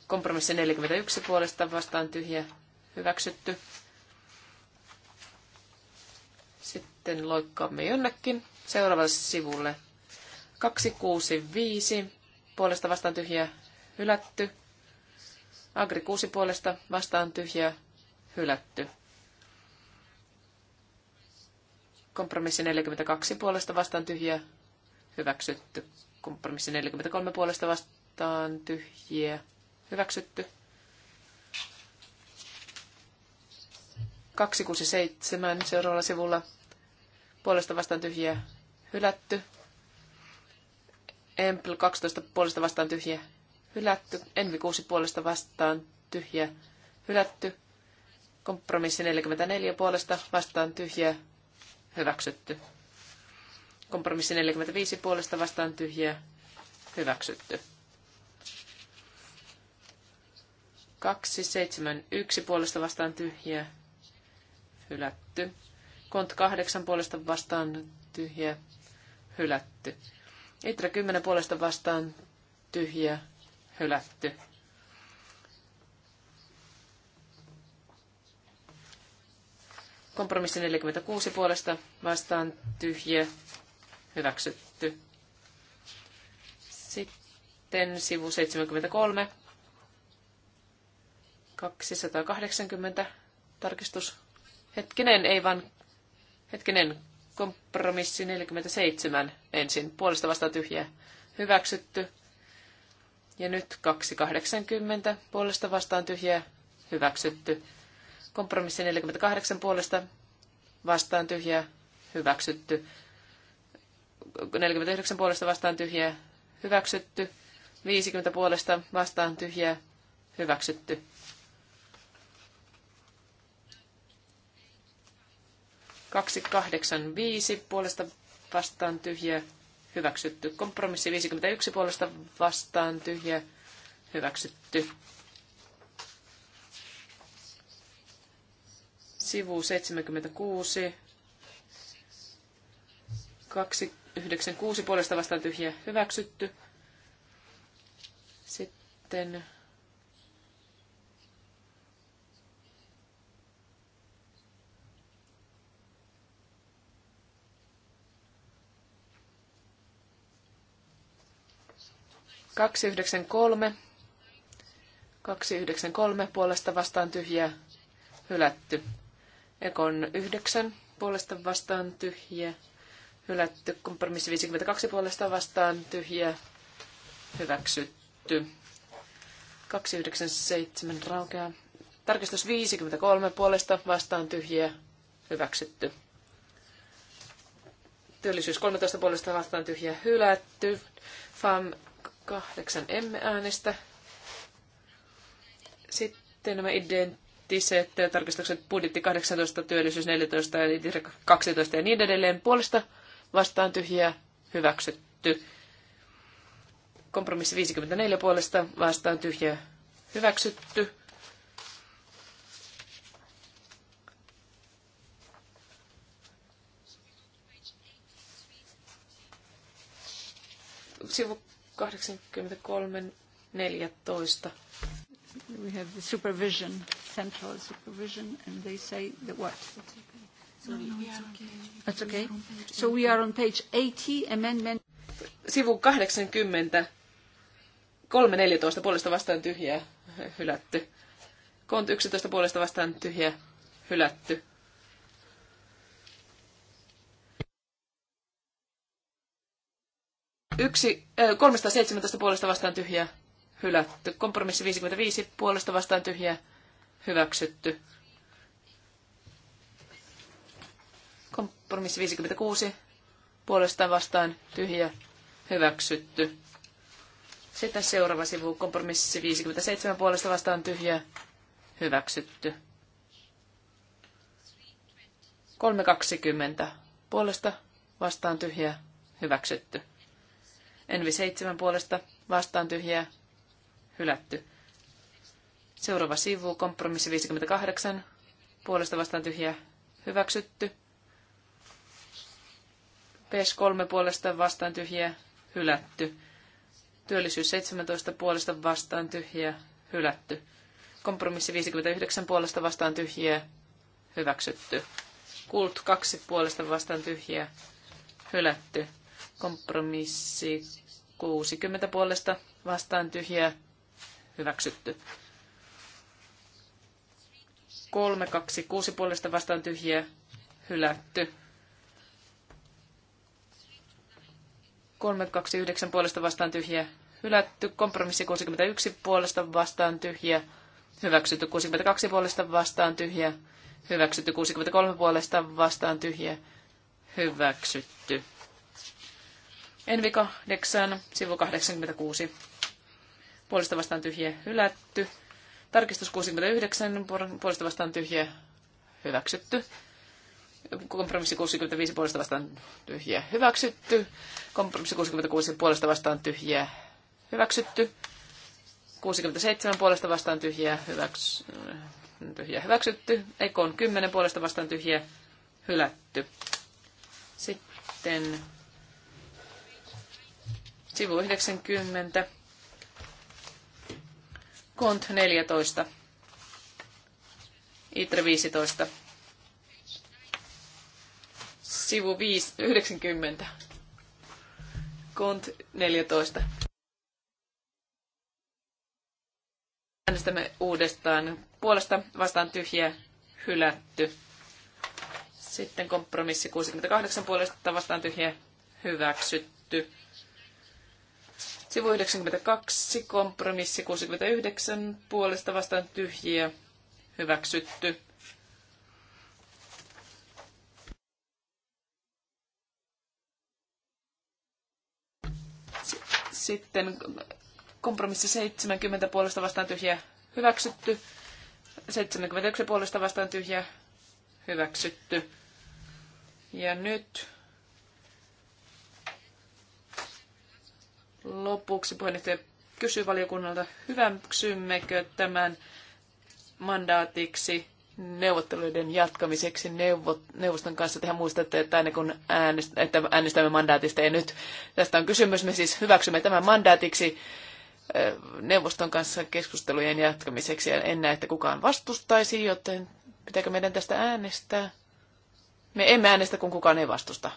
Speaker 3: Kompromissi 41 puolesta vastaan tyhjä hyväksytty. Sitten loikkaamme jonnekin seuraavalle sivulle. 265 puolesta vastaan tyhjä hylätty. Agri 6 puolesta vastaan tyhjä hylätty. Kompromissi 42 puolesta vastaan tyhjiä. Hyväksytty. Kompromissi 43 puolesta vastaan tyhjiä. Hyväksytty. 267 seuraavalla sivulla puolesta vastaan tyhjiä. Hylätty. Empl 12 puolesta vastaan tyhjiä. Hylätty. Envi 6 puolesta vastaan tyhjiä. Hylätty. Kompromissi 44 puolesta vastaan tyhjiä hyväksytty. Kompromissi 45 puolesta vastaan tyhjiä, hyväksytty. 271 puolesta vastaan tyhjiä, hylätty. Kont 8 puolesta vastaan tyhjiä, hylätty. Itra 10 puolesta vastaan tyhjiä, hylätty. Kompromissi 46 puolesta vastaan tyhjä hyväksytty. Sitten sivu 73. 280 tarkistus. Hetkinen, ei vaan hetkinen, kompromissi 47 ensin. Puolesta vastaan tyhjä hyväksytty. Ja nyt 280 puolesta vastaan tyhjä hyväksytty. Kompromissi 48 puolesta vastaan tyhjä hyväksytty. 49 puolesta vastaan tyhjä hyväksytty. 50 puolesta vastaan tyhjä, hyväksytty. Kaksi kahdeksan viisi puolesta vastaan tyhjä, hyväksytty. Kompromissi 51 puolesta vastaan tyhjä, hyväksytty. Sivu 76, 296 puolesta vastaan tyhjä hyväksytty. Sitten Kaksi yhdeksän kolme. Kaksi yhdeksän kolme puolesta vastaan tyhjää hylätty. Ekon 9 puolesta vastaan tyhjä. Hylätty. Kompromissi 52 puolesta vastaan tyhjä. Hyväksytty. 297 raukeaa. Tarkistus 53 puolesta vastaan tyhjä. Hyväksytty. Työllisyys 13 puolesta vastaan tyhjä. Hylätty. FAM 8 emme äänestä. Sitten nämä ident identtiset tarkistukset budjetti 18, työllisyys 14 ja 12 ja niin edelleen puolesta vastaan tyhjiä hyväksytty. Kompromissi 54 puolesta vastaan tyhjiä hyväksytty. Sivu 83, 14 we have the
Speaker 1: supervision, central supervision, and they say the what? That's okay. So we are on page 80, amendment.
Speaker 3: Sivu 80, 3.14 puolesta vastaan tyhjää, hylätty. Kont 11 puolesta vastaan tyhjää, hylätty. Yksi, äh, 317 puolesta vastaan tyhjää, hylätty. Kompromissi 55 puolesta vastaan tyhjä. hyväksytty. Kompromissi 56 puolesta vastaan tyhjä hyväksytty. Sitten seuraava sivu, kompromissi 57 puolesta vastaan tyhjä hyväksytty. 320 puolesta vastaan tyhjä hyväksytty. Envi 7 puolesta vastaan tyhjä hylätty. Seuraava sivu, kompromissi 58, puolesta vastaan tyhjä, hyväksytty. PES3 puolesta vastaan tyhjä, hylätty. Työllisyys 17 puolesta vastaan tyhjä, hylätty. Kompromissi 59 puolesta vastaan tyhjä, hyväksytty. Kult 2 puolesta vastaan tyhjä, hylätty. Kompromissi 60 puolesta vastaan tyhjä, hyväksytty. 3, 2, 6 puolesta vastaan tyhjiä, hylätty. 3, 2, 9 puolesta vastaan tyhjiä, hylätty. Kompromissi 61 puolesta vastaan tyhjiä, hyväksytty. 62 puolesta vastaan tyhjiä, hyväksytty. 63 puolesta vastaan tyhjiä, hyväksytty. Envi 8, sivu 86 puolesta vastaan tyhjä hylätty. Tarkistus 69, puolesta vastaan tyhjä hyväksytty. Kompromissi 65, puolesta vastaan tyhjä hyväksytty. Kompromissi 66, puolesta vastaan tyhjä hyväksytty. 67 puolesta vastaan tyhjä hyväks, tyhjä hyväksytty. Ekon 10 puolesta vastaan tyhjä hylätty. Sitten sivu 90 Kont 14. Itre 15. Sivu 5, 90. Kont 14. Äänestämme uudestaan. Puolesta vastaan tyhjä, hylätty. Sitten kompromissi 68 puolesta vastaan tyhjä, hyväksytty. Sivu 92, kompromissi 69, puolesta vastaan tyhjiä, hyväksytty. Sitten kompromissi 70 puolesta vastaan tyhjiä, hyväksytty. 71 puolesta vastaan tyhjiä, hyväksytty. Ja nyt Lopuksi puheenjohtaja kysyy valiokunnalta, hyväksymmekö tämän mandaatiksi neuvotteluiden jatkamiseksi neuvoston kanssa. Tehän muistatte, että aina kun äänest, että äänestämme mandaatista ja nyt tästä on kysymys, me siis hyväksymme tämän mandaatiksi neuvoston kanssa keskustelujen jatkamiseksi. En näe, että kukaan vastustaisi, joten pitääkö meidän tästä äänestää? Me emme äänestä, kun kukaan ei vastusta.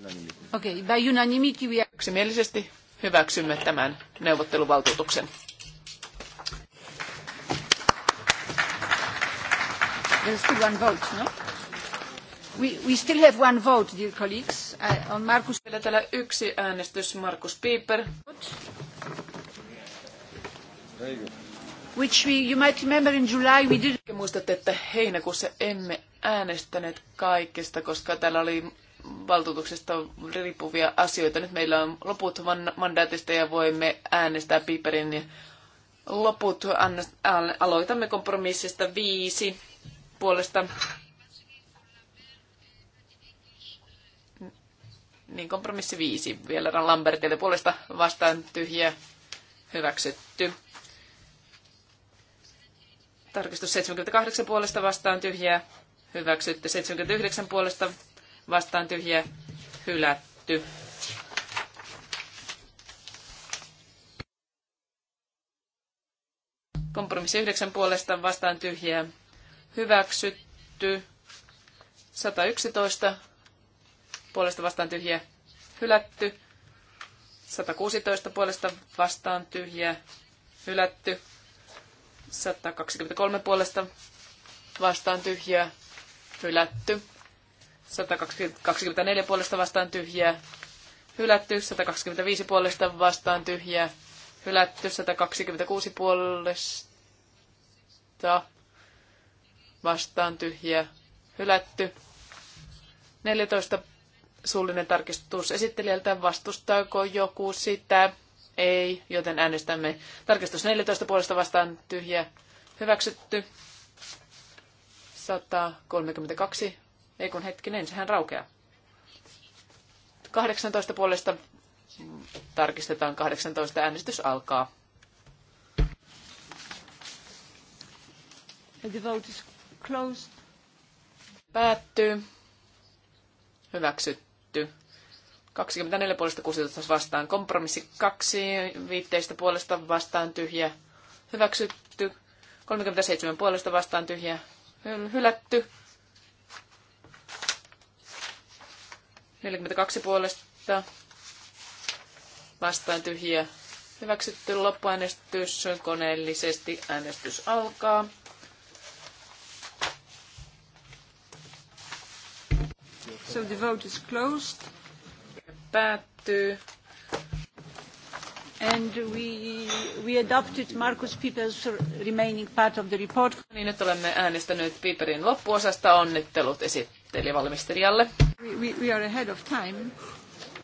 Speaker 3: Okei, okay, by unanimity we... Yksimielisesti hyväksymme tämän neuvotteluvaltuutuksen.
Speaker 1: There's still one vote, no? We, we still have one vote, dear colleagues, uh, on Markus. Meillä täällä yksi
Speaker 3: äänestys, Markus Pieper. Which we, you might remember in July we did... Muistatte, että heinäkuussa emme äänestäneet kaikista, koska täällä oli valtuutuksesta riippuvia asioita. Nyt meillä on loput mandaatista ja voimme äänestää Piperin loput. Aloitamme kompromissista viisi puolesta. Niin kompromissi viisi vielä Lambertille puolesta vastaan tyhjä hyväksytty. Tarkistus 78 puolesta vastaan tyhjää hyväksytty. 79 puolesta vastaan tyhjä hylätty. Kompromissi yhdeksän puolesta vastaan tyhjää hyväksytty. 111 puolesta vastaan tyhjä hylätty. 116 puolesta vastaan tyhjä hylätty. 123 puolesta vastaan tyhjä hylätty. 124 puolesta vastaan tyhjää, hylätty. 125 puolesta vastaan tyhjää, hylätty. 126 puolesta vastaan tyhjää, hylätty. 14 suullinen tarkistus esittelijältä. Vastustaako joku sitä? Ei, joten äänestämme tarkistus 14 puolesta vastaan tyhjä hyväksytty. 132 ei kun hetkinen, sehän raukeaa. 18 puolesta tarkistetaan 18 äänestys alkaa. The vote is closed. Päättyy. Hyväksytty. 24 puolesta 16 vastaan kompromissi 2, 15 puolesta vastaan tyhjä, hyväksytty. 37 puolesta vastaan tyhjä, hylätty. 42 puolesta vastaan tyhjiä. Hyväksytty loppuäänestys koneellisesti. Äänestys alkaa.
Speaker 1: So the vote is closed. Päättyy. And we, we adopted Markus Pieper's
Speaker 3: remaining part of the report. Niin nyt olemme äänestäneet Pieperin loppuosasta. Onnittelut esitteli valmistelijalle. We, we are ahead of time.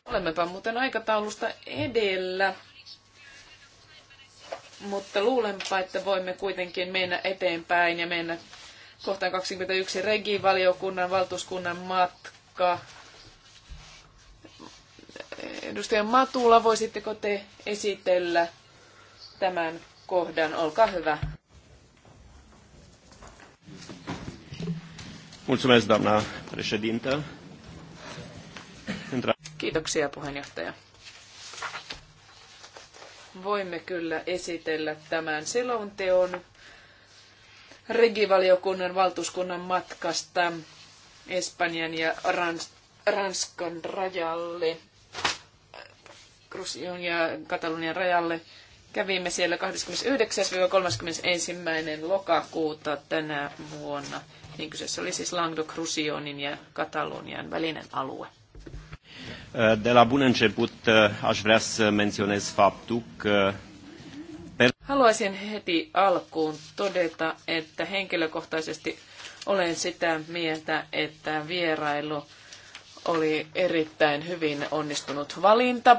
Speaker 3: Olemmepa muuten aikataulusta edellä, mutta luulenpa, että voimme kuitenkin mennä eteenpäin ja mennä kohtaan 21 regivaliokunnan valtuuskunnan matka. Edustaja Matula, voisitteko te esitellä tämän kohdan? Olkaa hyvä.
Speaker 4: Mulțumesc, doamna președintă.
Speaker 3: Kiitoksia puheenjohtaja. Voimme kyllä esitellä tämän selonteon regivaliokunnan valtuuskunnan matkasta Espanjan ja Rans- Ranskan rajalle, Krusion ja Katalonian rajalle. Kävimme siellä 29-31. lokakuuta tänä vuonna. Niin kyseessä oli siis languedoc Krusionin ja Katalonian välinen alue.
Speaker 4: Eh, de la bun început eh, aș vrea să menționez faptul că
Speaker 3: Haluaisin heti alkuun todeta, että henkilökohtaisesti olen sitä mieltä, että vierailu oli erittäin hyvin onnistunut valinta.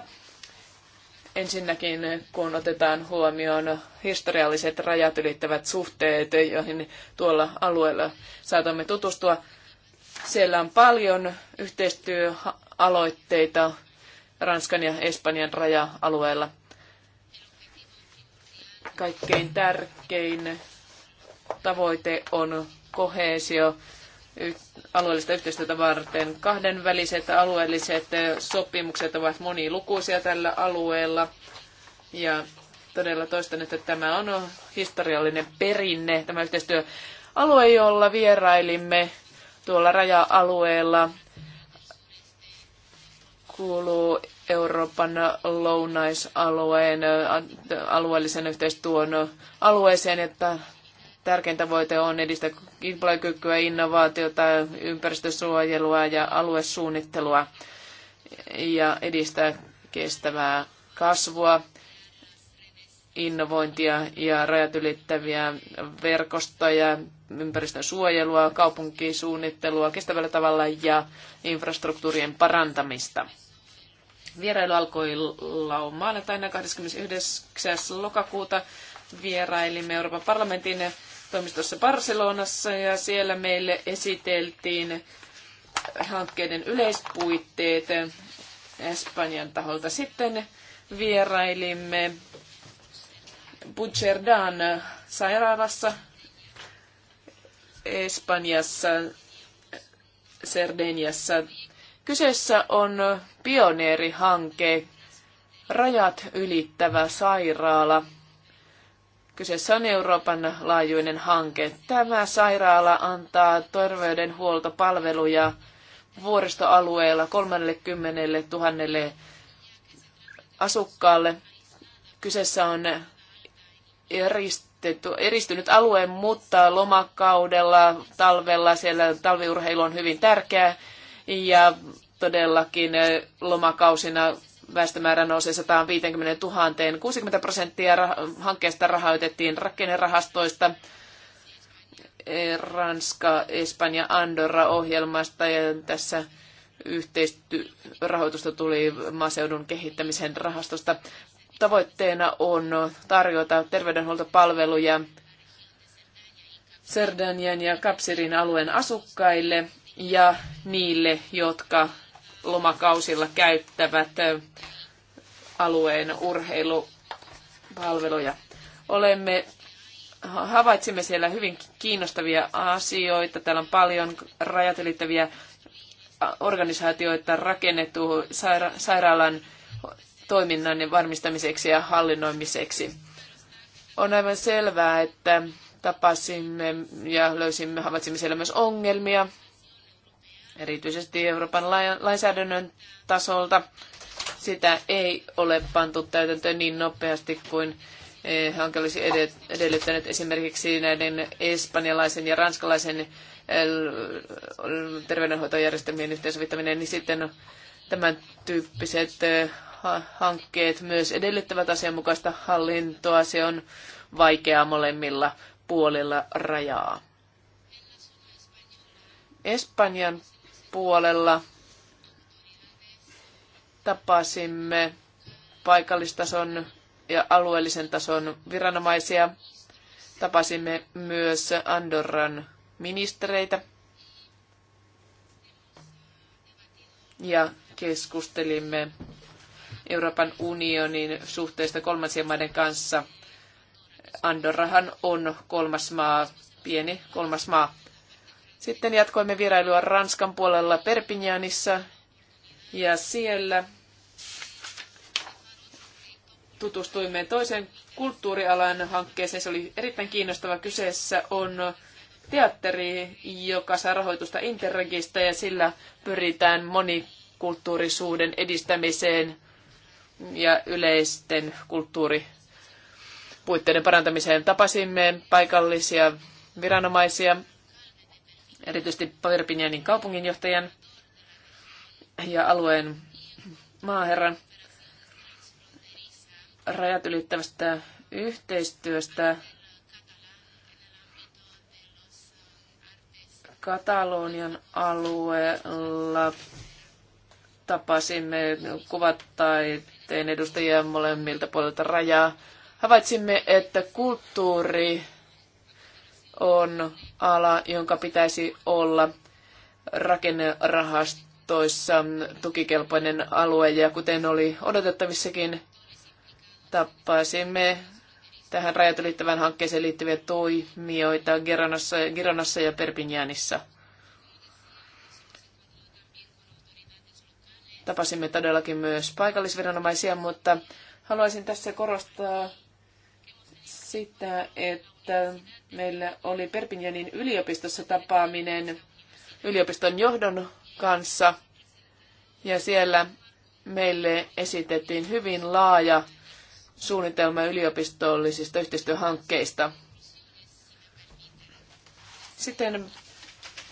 Speaker 3: Ensinnäkin, kun otetaan huomioon historialliset rajat ylittävät suhteet, joihin tuolla alueella saatamme tutustua, siellä on paljon yhteistyöhankkeita aloitteita Ranskan ja Espanjan raja-alueella. Kaikkein tärkein tavoite on koheesio alueellista yhteistyötä varten. Kahdenväliset alueelliset sopimukset ovat monilukuisia tällä alueella. Ja todella toistan, että tämä on historiallinen perinne, tämä yhteistyö alue, jolla vierailimme tuolla raja-alueella kuuluu Euroopan lounaisalueen alueellisen yhteistyön alueeseen, että tärkeintä voite on edistää kilpailukykyä, innovaatiota, ympäristösuojelua ja aluesuunnittelua ja edistää kestävää kasvua, innovointia ja rajat ylittäviä verkostoja, ympäristön suojelua, kaupunkisuunnittelua kestävällä tavalla ja infrastruktuurien parantamista. Vierailu alkoi maanantaina 29. lokakuuta. Vierailimme Euroopan parlamentin toimistossa Barcelonassa ja siellä meille esiteltiin hankkeiden yleispuitteet Espanjan taholta. Sitten vierailimme Bucerdan sairaalassa Espanjassa, Serdeniassa Kyseessä on pioneerihanke, rajat ylittävä sairaala. Kyseessä on Euroopan laajuinen hanke. Tämä sairaala antaa terveydenhuoltopalveluja vuoristoalueella 30 000 asukkaalle. Kyseessä on eristetty, eristynyt alue, mutta lomakaudella, talvella siellä talviurheilu on hyvin tärkeää ja todellakin lomakausina väestömäärä nousee 150 000. 60 prosenttia hankkeesta rahoitettiin rakennerahastoista. E, Ranska, Espanja, Andorra ohjelmasta ja tässä yhteistyörahoitusta tuli maaseudun kehittämisen rahastosta. Tavoitteena on tarjota terveydenhuoltopalveluja Serdanjan ja Kapsirin alueen asukkaille ja niille, jotka lomakausilla käyttävät alueen urheilupalveluja. Olemme, havaitsimme siellä hyvin kiinnostavia asioita. Täällä on paljon rajat ylittäviä organisaatioita rakennettu saira- sairaalan toiminnan varmistamiseksi ja hallinnoimiseksi. On aivan selvää, että tapasimme ja löysimme, havaitsimme siellä myös ongelmia, erityisesti Euroopan lainsäädännön tasolta. Sitä ei ole pantu täytäntöön niin nopeasti kuin eh, hanke olisi edellyttänyt esimerkiksi näiden espanjalaisen ja ranskalaisen eh, terveydenhoitojärjestelmien yhteensovittaminen, niin sitten tämän tyyppiset eh, hankkeet myös edellyttävät asianmukaista hallintoa. Se on vaikeaa molemmilla puolilla rajaa. Espanjan puolella tapasimme paikallistason ja alueellisen tason viranomaisia. Tapasimme myös Andorran ministereitä ja keskustelimme Euroopan unionin suhteista kolmansien maiden kanssa. Andorrahan on kolmas maa, pieni kolmas maa. Sitten jatkoimme vierailua Ranskan puolella Perpignanissa ja siellä tutustuimme toisen kulttuurialan hankkeeseen. Se oli erittäin kiinnostava. Kyseessä on teatteri, joka saa rahoitusta Interregistä ja sillä pyritään monikulttuurisuuden edistämiseen ja yleisten kulttuuripuitteiden parantamiseen. Tapasimme paikallisia viranomaisia erityisesti Perpignanin kaupunginjohtajan ja alueen maaherran rajat ylittävästä yhteistyöstä Katalonian alueella tapasimme kuvataiteen edustajia molemmilta puolilta rajaa. Havaitsimme, että kulttuuri on ala, jonka pitäisi olla rakennerahastoissa tukikelpoinen alue ja kuten oli odotettavissakin, tappaisimme tähän rajat ylittävän hankkeeseen liittyviä toimijoita Gironassa, Gironassa ja Perpinjanissa. Tapasimme todellakin myös paikallisviranomaisia, mutta haluaisin tässä korostaa sitä, että että meillä oli Perpignanin yliopistossa tapaaminen yliopiston johdon kanssa ja siellä meille esitettiin hyvin laaja suunnitelma yliopistollisista yhteistyöhankkeista. Sitten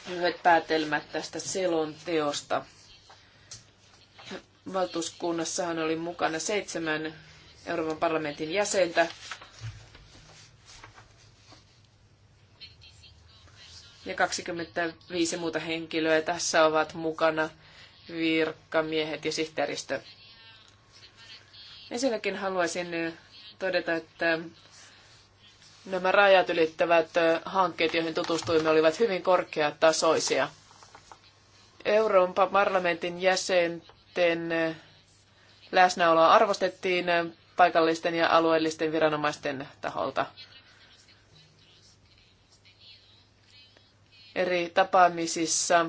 Speaker 3: lyhyet päätelmät tästä selonteosta. Valtuuskunnassahan oli mukana seitsemän Euroopan parlamentin jäsentä ja 25 muuta henkilöä. Tässä ovat mukana virkamiehet ja sihteeristö. Ensinnäkin haluaisin todeta, että nämä rajat ylittävät hankkeet, joihin tutustuimme, olivat hyvin korkeatasoisia. Euroopan parlamentin jäsenten läsnäoloa arvostettiin paikallisten ja alueellisten viranomaisten taholta. eri tapaamisissa.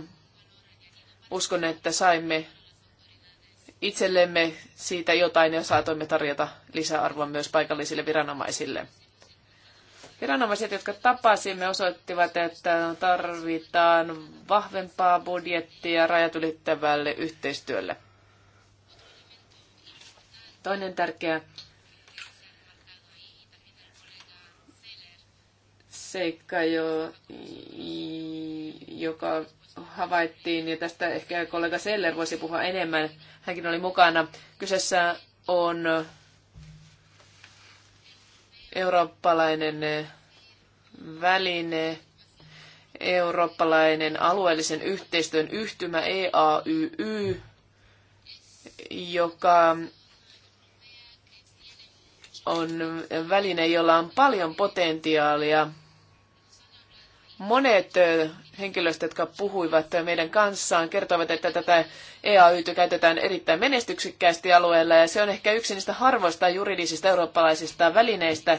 Speaker 3: Uskon, että saimme itsellemme siitä jotain ja saatoimme tarjota lisäarvoa myös paikallisille viranomaisille. Viranomaiset, jotka tapasimme, osoittivat, että tarvitaan vahvempaa budjettia rajat ylittävälle yhteistyölle. Toinen tärkeä seikka, jo, joka havaittiin, ja tästä ehkä kollega Seller voisi puhua enemmän. Hänkin oli mukana. Kyseessä on eurooppalainen väline, eurooppalainen alueellisen yhteistyön yhtymä EAYY, joka on väline, jolla on paljon potentiaalia – Monet henkilöistä, jotka puhuivat meidän kanssaan, kertoivat, että tätä EAYtä käytetään erittäin menestyksekkäästi alueella ja se on ehkä yksi niistä harvoista juridisista eurooppalaisista välineistä,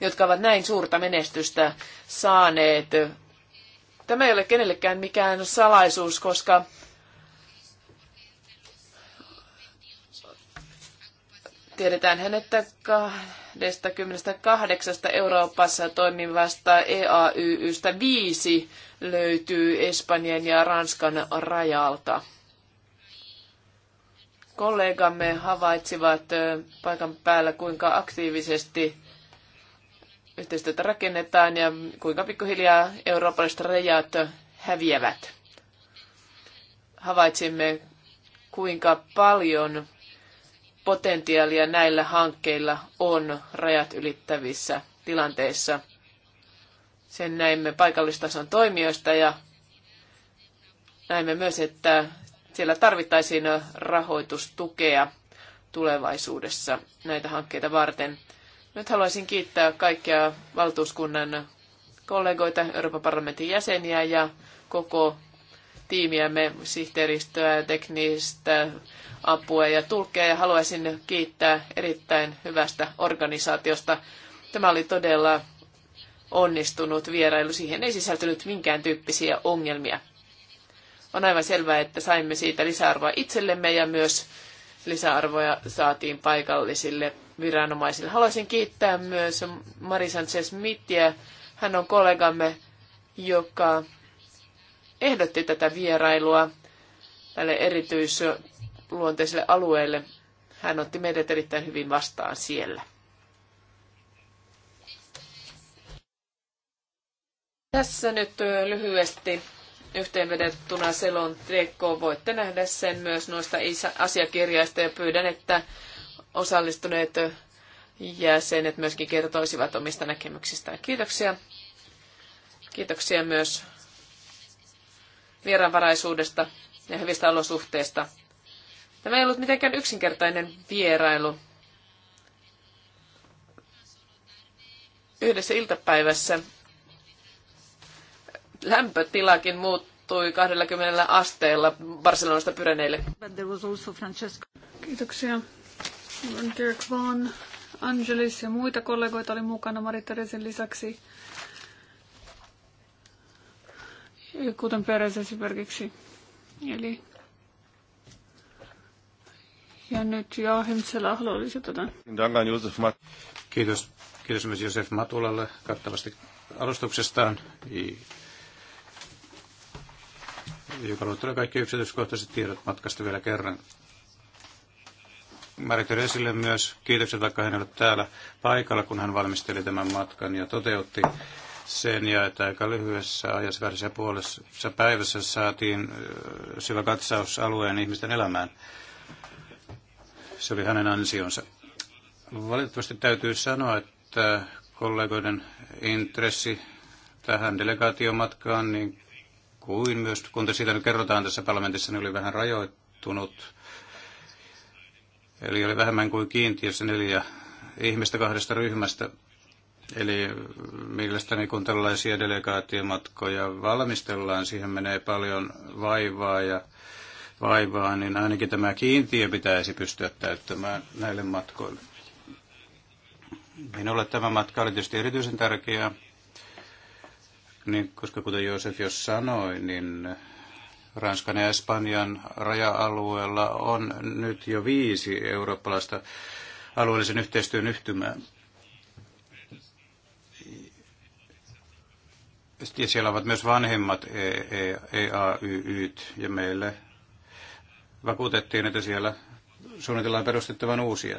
Speaker 3: jotka ovat näin suurta menestystä saaneet. Tämä ei ole kenellekään mikään salaisuus, koska Tiedetään, hän, että 28 Euroopassa toimivasta EAYYstä viisi löytyy Espanjan ja Ranskan rajalta. Kollegamme havaitsivat paikan päällä, kuinka aktiivisesti yhteistyötä rakennetaan ja kuinka pikkuhiljaa eurooppalaiset rajat häviävät. Havaitsimme, kuinka paljon potentiaalia näillä hankkeilla on rajat ylittävissä tilanteissa. Sen näimme paikallistason toimijoista ja näimme myös, että siellä tarvittaisiin rahoitustukea tulevaisuudessa näitä hankkeita varten. Nyt haluaisin kiittää kaikkia valtuuskunnan kollegoita, Euroopan parlamentin jäseniä ja koko tiimiämme, sihteeristöä, teknistä apua ja tulkkeja ja haluaisin kiittää erittäin hyvästä organisaatiosta. Tämä oli todella onnistunut vierailu. Siihen ei sisältynyt minkään tyyppisiä ongelmia. On aivan selvää, että saimme siitä lisäarvoa itsellemme ja myös lisäarvoja saatiin paikallisille viranomaisille. Haluaisin kiittää myös Marisan Sanchez Hän on kollegamme, joka ehdotti tätä vierailua tälle erityisluonteiselle alueelle. Hän otti meidät erittäin hyvin vastaan siellä. Tässä nyt lyhyesti selon trekkoon. Voitte nähdä sen myös noista asiakirjaista ja pyydän, että osallistuneet jäsenet myöskin kertoisivat omista näkemyksistään. Kiitoksia. Kiitoksia myös vieraanvaraisuudesta ja hyvistä olosuhteista. Tämä ei ollut mitenkään yksinkertainen vierailu. Yhdessä iltapäivässä lämpötilakin muuttui 20 asteella Barcelonasta Pyreneille.
Speaker 2: Kiitoksia. Dirk Vaughan, Angelis ja muita kollegoita oli mukana Marie Teresin lisäksi. kuten Peres esimerkiksi. Eli ja nyt Joachim Selahlo olisi tätä.
Speaker 4: Kiitos. Kiitos myös Josef Matulalle kattavasti alustuksestaan, joka luettelee kaikki yksityiskohtaiset tiedot matkasta vielä kerran. Marit esille myös kiitokset, vaikka hän ei ollut täällä paikalla, kun hän valmisteli tämän matkan ja toteutti sen ja että aika lyhyessä ajassa välissä puolessa päivässä saatiin syvä katsaus alueen ihmisten elämään. Se oli hänen ansionsa. Valitettavasti täytyy sanoa, että kollegoiden intressi tähän delegaatiomatkaan, niin kuin myös kun siitä nyt kerrotaan tässä parlamentissa, niin oli vähän rajoittunut. Eli oli vähemmän kuin kiintiössä neljä ihmistä kahdesta ryhmästä Eli mielestäni kun tällaisia delegaatiomatkoja valmistellaan, siihen menee paljon vaivaa ja vaivaa, niin ainakin tämä kiintiö pitäisi pystyä täyttämään näille matkoille. Minulle tämä matka oli tietysti erityisen tärkeä, niin, koska kuten Josef jo sanoi, niin Ranskan ja Espanjan raja-alueella on nyt jo viisi eurooppalaista alueellisen yhteistyön yhtymää. ja siellä ovat myös vanhemmat EAYYt, e, e ja meille vakuutettiin, että siellä suunnitellaan perustettavan uusia.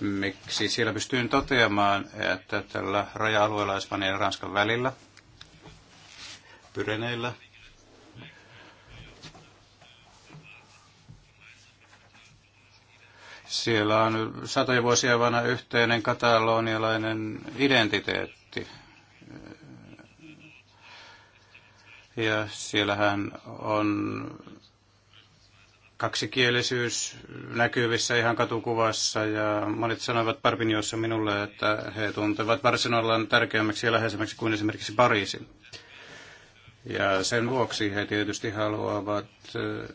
Speaker 4: Miksi siellä pystyin toteamaan, että tällä raja-alueella Espanjan ja Ranskan välillä, Pyreneillä, siellä on satoja vuosia vanha yhteinen katalonialainen identiteetti Ja siellähän on kaksikielisyys näkyvissä ihan katukuvassa ja monet sanoivat Parpinjoissa minulle, että he tuntevat Barcelonan tärkeämmäksi ja läheisemmäksi kuin esimerkiksi Pariisin. Ja sen vuoksi he tietysti haluavat eh,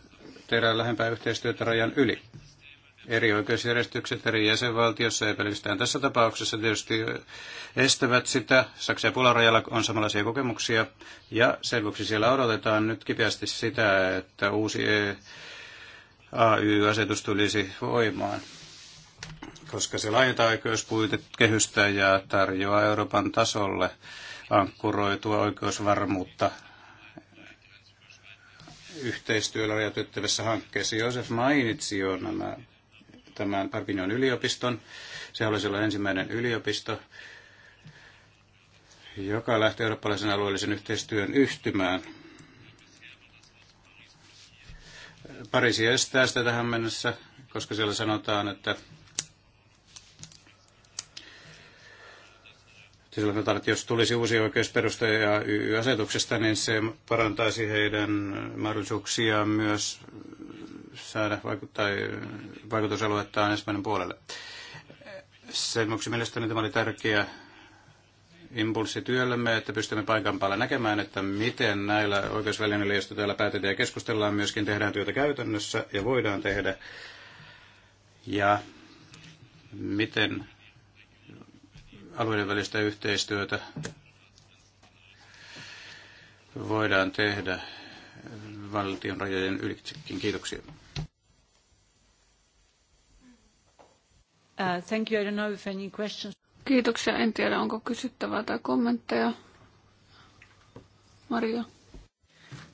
Speaker 4: tehdä lähempää yhteistyötä rajan yli eri oikeusjärjestykset eri jäsenvaltiossa, ja pelkästään tässä tapauksessa tietysti estävät sitä. Saksa ja Puolan rajalla on samanlaisia kokemuksia, ja sen vuoksi siellä odotetaan nyt kipeästi sitä, että uusi e AY-asetus tulisi voimaan koska se laajentaa oikeuspuitekehystä ja tarjoaa Euroopan tasolle ankkuroitua oikeusvarmuutta yhteistyöllä rajatyttävässä hankkeissa. Josef mainitsi jo nämä tämän Parpinion yliopiston. Se oli silloin ensimmäinen yliopisto, joka lähtee eurooppalaisen alueellisen yhteistyön yhtymään. Pariisi estää sitä tähän mennessä, koska siellä sanotaan, että sillä tavalla, että jos tulisi uusi oikeusperuste ja asetuksesta niin se parantaisi heidän mahdollisuuksiaan myös saada vaikuttaa, vaikutusaluettaan ensimmäinen puolelle. Sen vuoksi mielestäni tämä oli tärkeä impulssi työllemme, että pystymme paikan päällä näkemään, että miten näillä oikeusvälineillä, joista täällä päätetään ja keskustellaan, myöskin tehdään työtä käytännössä ja voidaan tehdä. Ja miten alueiden välistä yhteistyötä voidaan tehdä valtion rajojen ylitsekin. Kiitoksia.
Speaker 1: Uh, thank you. I don't know if any questions.
Speaker 2: Kiitoksia. En tiedä, onko kysyttävää tai kommentteja. Maria.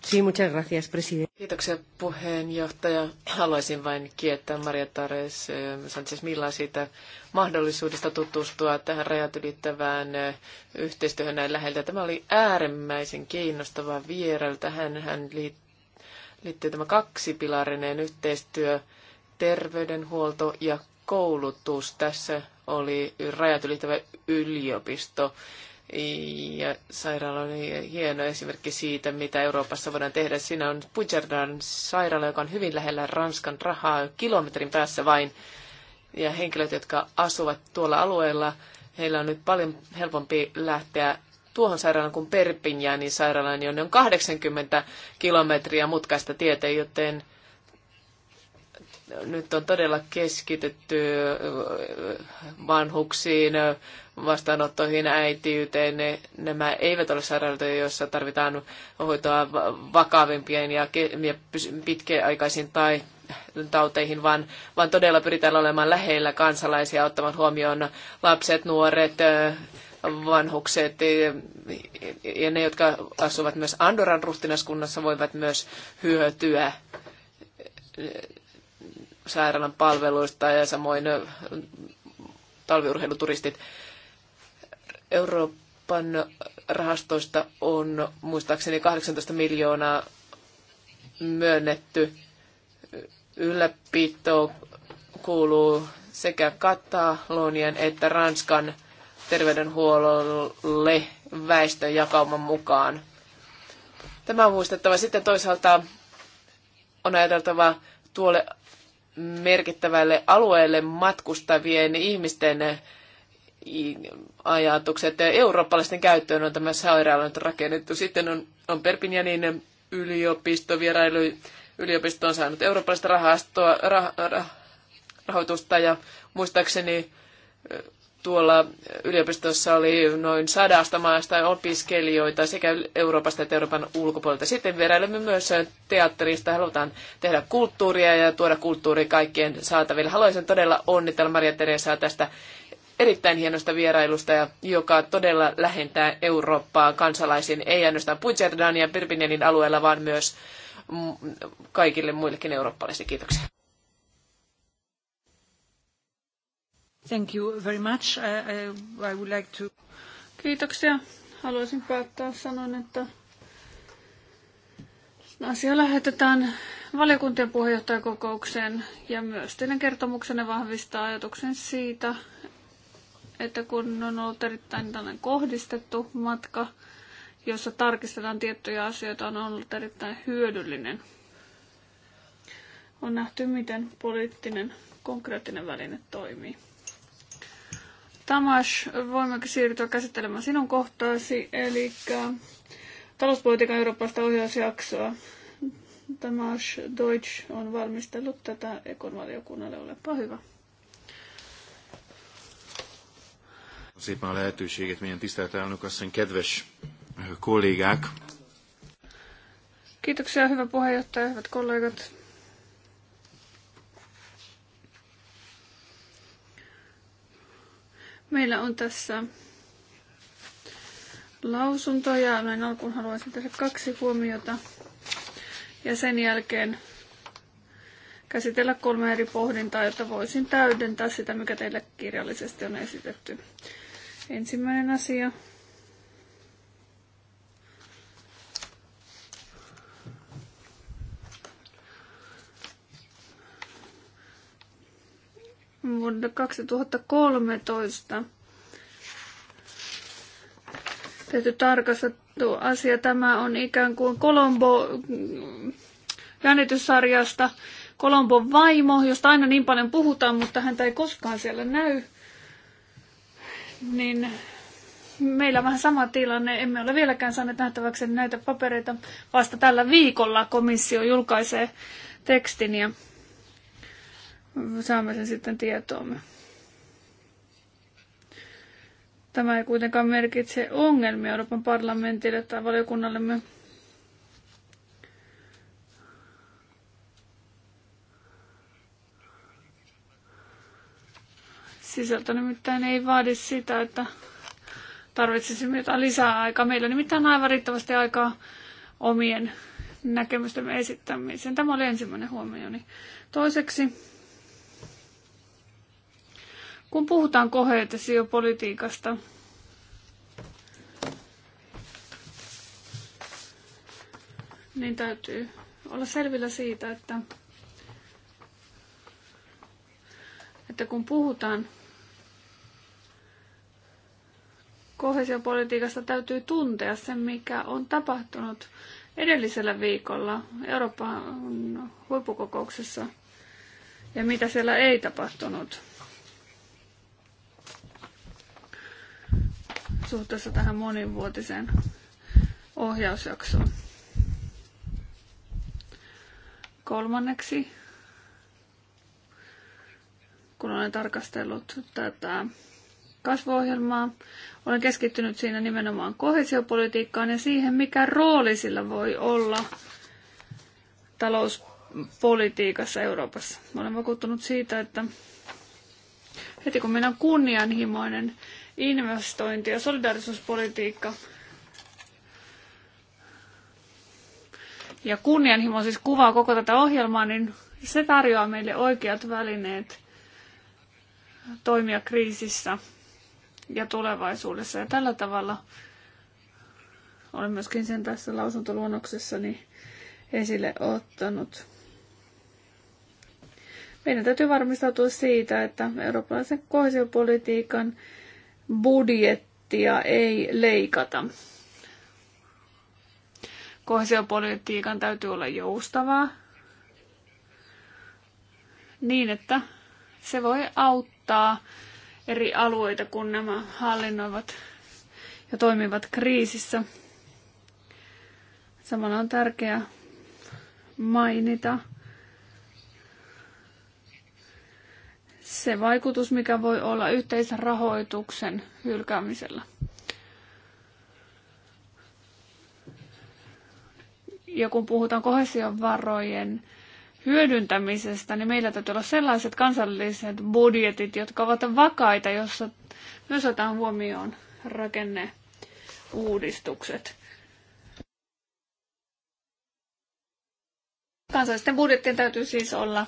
Speaker 2: Sí, muchas gracias,
Speaker 3: presidente. Kiitoksia puheenjohtaja. Haluaisin vain kiittää Maria Tares eh, Sanchez Milla siitä mahdollisuudesta tutustua tähän rajat ylittävään eh, yhteistyöhön näin läheltä. Tämä oli äärimmäisen kiinnostava vierailu. Tähän hän liittyy tämä kaksipilarinen yhteistyö, terveydenhuolto ja koulutus. Tässä oli rajat ylittävä yliopisto ja sairaala oli hieno esimerkki siitä, mitä Euroopassa voidaan tehdä. Siinä on Pujardan sairaala, joka on hyvin lähellä Ranskan rahaa, kilometrin päässä vain. Ja henkilöt, jotka asuvat tuolla alueella, heillä on nyt paljon helpompi lähteä tuohon sairaalaan kuin Perpinjäänin sairaalaan, jonne on 80 kilometriä mutkaista tietä, joten nyt on todella keskitetty äh, vanhuksiin, vastaanottoihin, äitiyteen. Ne, nämä eivät ole sairaaloita, joissa tarvitaan hoitoa vakavimpien ja, ja pitkäaikaisiin tai tauteihin, vaan, vaan todella pyritään olemaan lähellä kansalaisia, ottamaan huomioon lapset, nuoret, äh, vanhukset ja ne, jotka asuvat myös Andoran ruhtinaskunnassa, voivat myös hyötyä sairaalan palveluista ja samoin talviurheiluturistit. Euroopan rahastoista on muistaakseni 18 miljoonaa myönnetty. Ylläpito kuuluu sekä Katalonian että Ranskan terveydenhuollolle väestön jakauman mukaan. Tämä on muistettava. Sitten toisaalta on ajateltava tuolle merkittävälle alueelle matkustavien ihmisten ajatukset. Eurooppalaisten käyttöön on tämä sairaala nyt rakennettu. Sitten on, on Perpignanin yliopisto, vierailu, yliopisto on saanut eurooppalaista rahastoa, rah, rah, rahoitusta ja muistaakseni tuolla yliopistossa oli noin sadasta maasta opiskelijoita sekä Euroopasta että Euroopan ulkopuolelta. Sitten vierailemme myös teatterista. Halutaan tehdä kulttuuria ja tuoda kulttuuri kaikkien saataville. Haluaisin todella onnitella Maria Teresaa tästä erittäin hienosta vierailusta, joka todella lähentää Eurooppaa kansalaisiin, ei ainoastaan Puigerdania ja Pirpinienin alueella, vaan myös kaikille muillekin eurooppalaisille. Kiitoksia.
Speaker 1: Thank you very much. I, would like to...
Speaker 2: Kiitoksia. Haluaisin päättää sanon, että asia lähetetään valiokuntien puheenjohtajakokoukseen ja myös teidän kertomuksenne vahvistaa ajatuksen siitä, että kun on ollut erittäin tällainen kohdistettu matka, jossa tarkistetaan tiettyjä asioita, on ollut erittäin hyödyllinen. On nähty, miten poliittinen konkreettinen väline toimii. Tamas, voimmeko siirtyä käsittelemään sinun kohtaasi, eli talouspolitiikan Euroopasta ohjausjaksoa. Tamas Deutsch on valmistellut tätä Ekon valiokunnalle. Olepa hyvä.
Speaker 4: Szépen a lehetőséget, milyen tisztelt elnök asszony, kedves kollégák!
Speaker 2: Kiitoksia, hyvä puheenjohtaja, hyvät kollegat. Meillä on tässä lausuntoja. Näin alkuun haluaisin tehdä kaksi huomiota ja sen jälkeen käsitellä kolme eri pohdintaa, jotta voisin täydentää sitä, mikä teille kirjallisesti on esitetty. Ensimmäinen asia vuonna 2013 Täytyy tarkastaa asia. Tämä on ikään kuin Kolombo mm, jännityssarjasta Kolombon vaimo, josta aina niin paljon puhutaan, mutta häntä ei koskaan siellä näy. Niin meillä on vähän sama tilanne. Emme ole vieläkään saaneet nähtäväksi näitä papereita. Vasta tällä viikolla komissio julkaisee tekstin ja saamme sen sitten tietoomme. Tämä ei kuitenkaan merkitse ongelmia Euroopan parlamentille tai valiokunnallemme. Sisältö nimittäin ei vaadi sitä, että tarvitsisimme jotain lisää aikaa. Meillä nimittäin aivan riittävästi aikaa omien näkemystemme esittämiseen. Tämä oli ensimmäinen huomioni. Toiseksi kun puhutaan koheetesiopolitiikasta, niin täytyy olla selvillä siitä, että, että kun puhutaan kohesiopolitiikasta, täytyy tuntea se, mikä on tapahtunut edellisellä viikolla Euroopan huippukokouksessa ja mitä siellä ei tapahtunut. suhteessa tähän monivuotiseen ohjausjaksoon. Kolmanneksi, kun olen tarkastellut tätä kasvuohjelmaa, olen keskittynyt siinä nimenomaan kohesiopolitiikkaan ja siihen, mikä rooli sillä voi olla talouspolitiikassa Euroopassa. Olen vakuuttunut siitä, että heti kun meillä on kunnianhimoinen investointi- ja solidaarisuuspolitiikka, ja kunnianhimo siis kuvaa koko tätä ohjelmaa, niin se tarjoaa meille oikeat välineet toimia kriisissä ja tulevaisuudessa. Ja tällä tavalla olen myöskin sen tässä lausuntoluonnoksessani esille ottanut. Meidän täytyy varmistautua siitä, että eurooppalaisen kohesiopolitiikan budjettia ei leikata. Kohesiopolitiikan täytyy olla joustavaa niin, että se voi auttaa eri alueita, kun nämä hallinnoivat ja toimivat kriisissä. Samalla on tärkeää mainita se vaikutus, mikä voi olla yhteisrahoituksen hylkäämisellä. Ja kun puhutaan kohesion varojen hyödyntämisestä, niin meillä täytyy olla sellaiset kansalliset budjetit, jotka ovat vakaita, jossa myös otetaan huomioon rakenneuudistukset. Kansallisten budjettien täytyy siis olla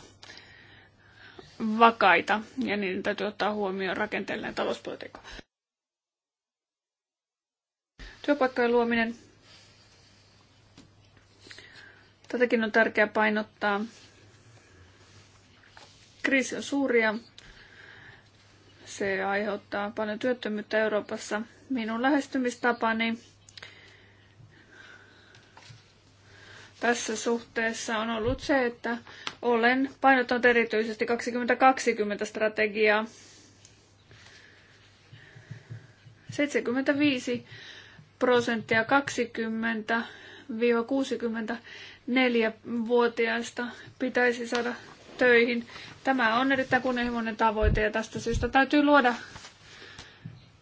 Speaker 2: vakaita ja niiden täytyy ottaa huomioon rakenteellinen talouspolitiikka. Työpaikkojen luominen. Tätäkin on tärkeää painottaa. Kriisi on suuria. Se aiheuttaa paljon työttömyyttä Euroopassa. Minun lähestymistapani tässä suhteessa on ollut se, että olen painottanut erityisesti 2020 strategiaa. 75 prosenttia 20-64-vuotiaista pitäisi saada töihin. Tämä on erittäin kunnianhimoinen tavoite ja tästä syystä täytyy luoda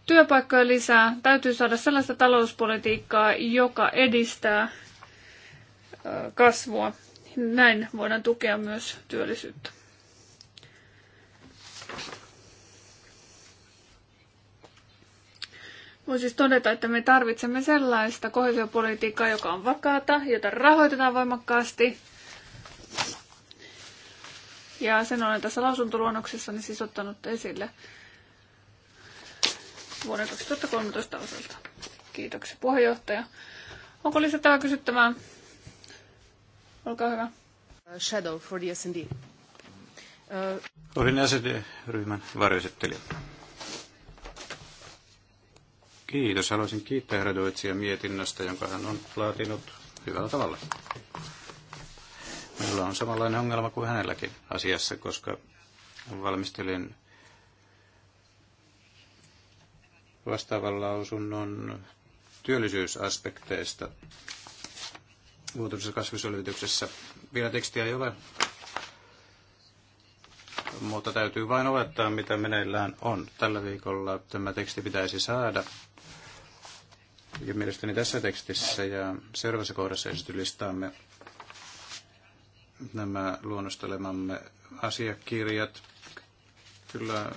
Speaker 2: työpaikkoja lisää. Täytyy saada sellaista talouspolitiikkaa, joka edistää kasvua. Näin voidaan tukea myös työllisyyttä. Voisi siis todeta, että me tarvitsemme sellaista kohesiopolitiikkaa, joka on vakaata, jota rahoitetaan voimakkaasti. Ja sen olen tässä lausuntoluonnoksessani niin siis ottanut esille vuoden 2013 osalta. Kiitoksia puheenjohtaja. Onko lisätään kysyttävää? Olkaa
Speaker 3: hyvä. Shadow for the S&D.
Speaker 4: Olin SD-ryhmän varjoesittelijä. Kiitos. Haluaisin kiittää Radoitsia mietinnöstä, jonka hän on laatinut hyvällä tavalla. Minulla on samanlainen ongelma kuin hänelläkin asiassa, koska valmistelin vastaavan lausunnon työllisyysaspekteista vuotuisessa kasviselvityksessä. Vielä tekstiä ei ole, mutta täytyy vain olettaa, mitä meneillään on. Tällä viikolla tämä teksti pitäisi saada. Ja mielestäni tässä tekstissä ja seuraavassa kohdassa esitylistaamme nämä luonnostelemamme asiakirjat kyllä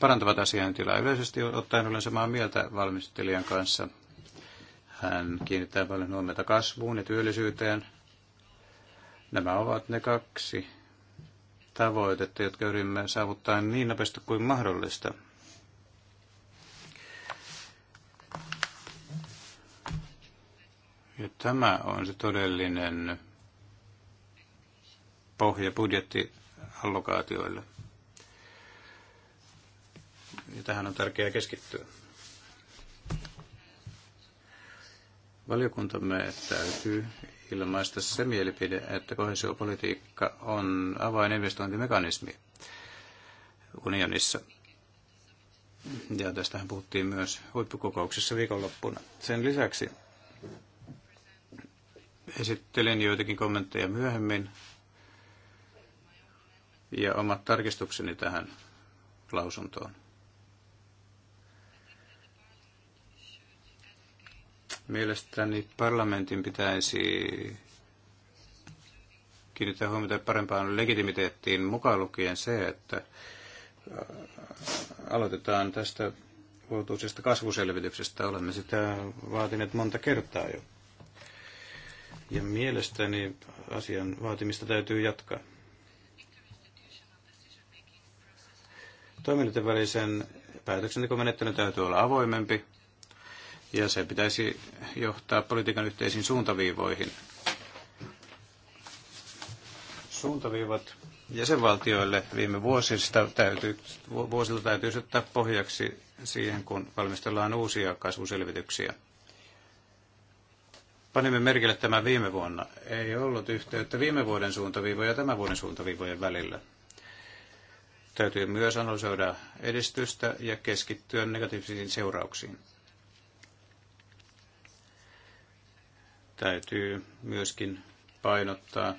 Speaker 4: parantavat asiantilaa. Yleisesti ottaen olen samaa mieltä valmistelijan kanssa hän kiinnittää paljon huomiota kasvuun ja työllisyyteen. Nämä ovat ne kaksi tavoitetta, jotka yritämme saavuttaa niin nopeasti kuin mahdollista. Ja tämä on se todellinen pohja budjettiallokaatioille. Ja tähän on tärkeää keskittyä. Valiokuntamme täytyy ilmaista se mielipide, että kohesiopolitiikka on avaininvestointimekanismi unionissa. Ja tästähän puhuttiin myös huippukokouksessa viikonloppuna. Sen lisäksi esittelen joitakin kommentteja myöhemmin ja omat tarkistukseni tähän lausuntoon. Mielestäni parlamentin pitäisi kiinnittää huomiota parempaan legitimiteettiin mukaan lukien se, että äh, aloitetaan tästä vuotuisesta kasvuselvityksestä. Olemme sitä vaatineet monta kertaa jo. Ja mielestäni asian vaatimista täytyy jatkaa. Toimijoiden välisen päätöksentekomenettelyn täytyy olla avoimempi, ja se pitäisi johtaa politiikan yhteisiin suuntaviivoihin. Suuntaviivat jäsenvaltioille viime vuosista täytyy, vuosilta täytyy ottaa pohjaksi siihen, kun valmistellaan uusia kasvuselvityksiä. Panimme merkille tämä viime vuonna. Ei ollut yhteyttä viime vuoden suuntaviivoja ja tämän vuoden suuntaviivojen välillä. Täytyy myös analysoida edistystä ja keskittyä negatiivisiin seurauksiin. täytyy myöskin painottaa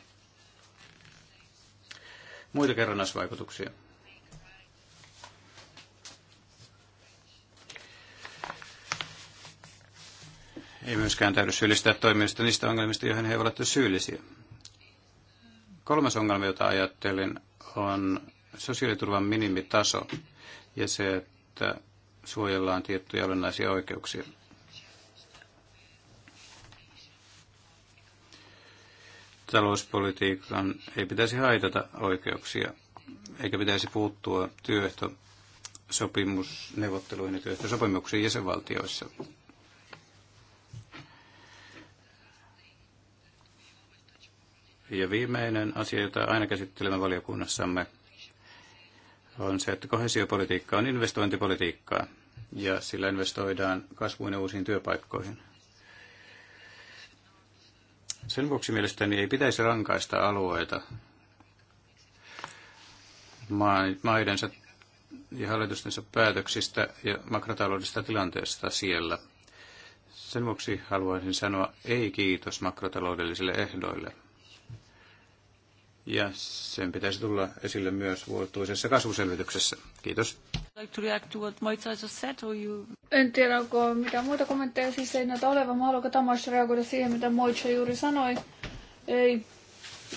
Speaker 4: muita kerrannaisvaikutuksia. Ei myöskään täydy syyllistää toimijoista niistä ongelmista, joihin he ovat syyllisiä. Kolmas ongelma, jota ajattelin, on sosiaaliturvan minimitaso ja se, että suojellaan tiettyjä olennaisia oikeuksia. talouspolitiikan ei pitäisi haitata oikeuksia, eikä pitäisi puuttua työehtosopimusneuvotteluihin ja työehtosopimuksiin jäsenvaltioissa. Ja viimeinen asia, jota aina käsittelemme valiokunnassamme, on se, että kohesiopolitiikka on investointipolitiikkaa ja sillä investoidaan kasvuun ja uusiin työpaikkoihin. Sen vuoksi mielestäni ei pitäisi rankaista alueita maidensa ja hallitustensa päätöksistä ja makrotaloudesta tilanteesta siellä. Sen vuoksi haluaisin sanoa ei kiitos makrotaloudellisille ehdoille. Ja sen pitäisi tulla esille myös vuotuisessa kasvuselvityksessä. Kiitos like to
Speaker 1: react to what Moitsa just said, or you...
Speaker 2: En tiedä, onko mitään muita kommentteja, siis ei näitä ole, vaan haluanko Tamas reagoida siihen, mitä Moitsa juuri sanoi. Ei.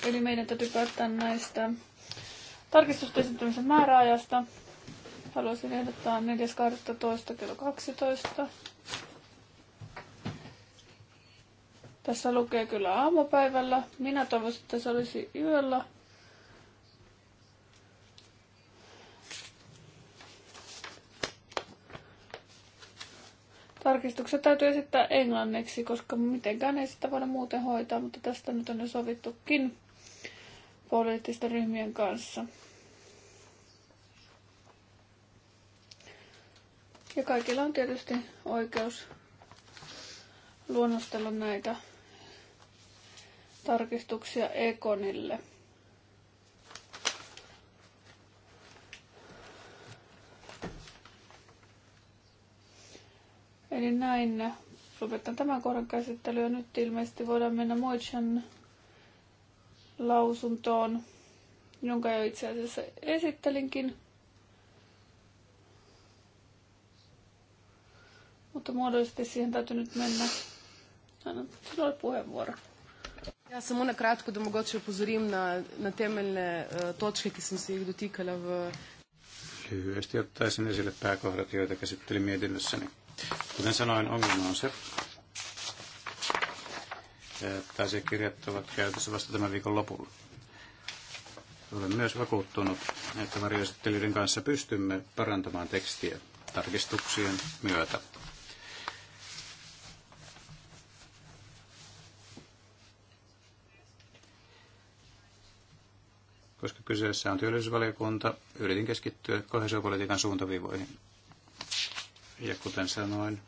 Speaker 2: Eli meidän täytyy päättää näistä tarkistusten esittämisen määräajasta. Haluaisin ehdottaa 4.12. kello 12. Tässä lukee kyllä aamupäivällä. Minä toivoisin, että se olisi yöllä, Tarkistukset täytyy esittää englanniksi, koska mitenkään ei sitä voida muuten hoitaa, mutta tästä nyt on jo sovittukin poliittisten ryhmien kanssa. Ja kaikilla on tietysti oikeus luonnostella näitä tarkistuksia Ekonille. Eli näin lopetan tämän kohdan käsittely ja nyt ilmeisesti voidaan mennä Moitsen lausuntoon, jonka jo itse asiassa esittelinkin. Mutta muodollisesti siihen täytyy nyt mennä. sinulla oli puheenvuoro.
Speaker 3: Ja, samo na kratko, da mogoče upozorim na, na temeljne uh, točke, ki sem se jih dotikala v...
Speaker 4: Lyhyesti ottaisin esille pääkohdat, joita käsittelin mietinnössäni. Kuten sanoin, ongelma on se, että asiakirjat ovat käytössä vasta tämän viikon lopulla. Olen myös vakuuttunut, että varjoesittelyiden kanssa pystymme parantamaan tekstiä tarkistuksien myötä. Koska kyseessä on työllisyysvaliokunta, yritin keskittyä kohesiopolitiikan suuntaviivoihin. Ja kuten sanoin,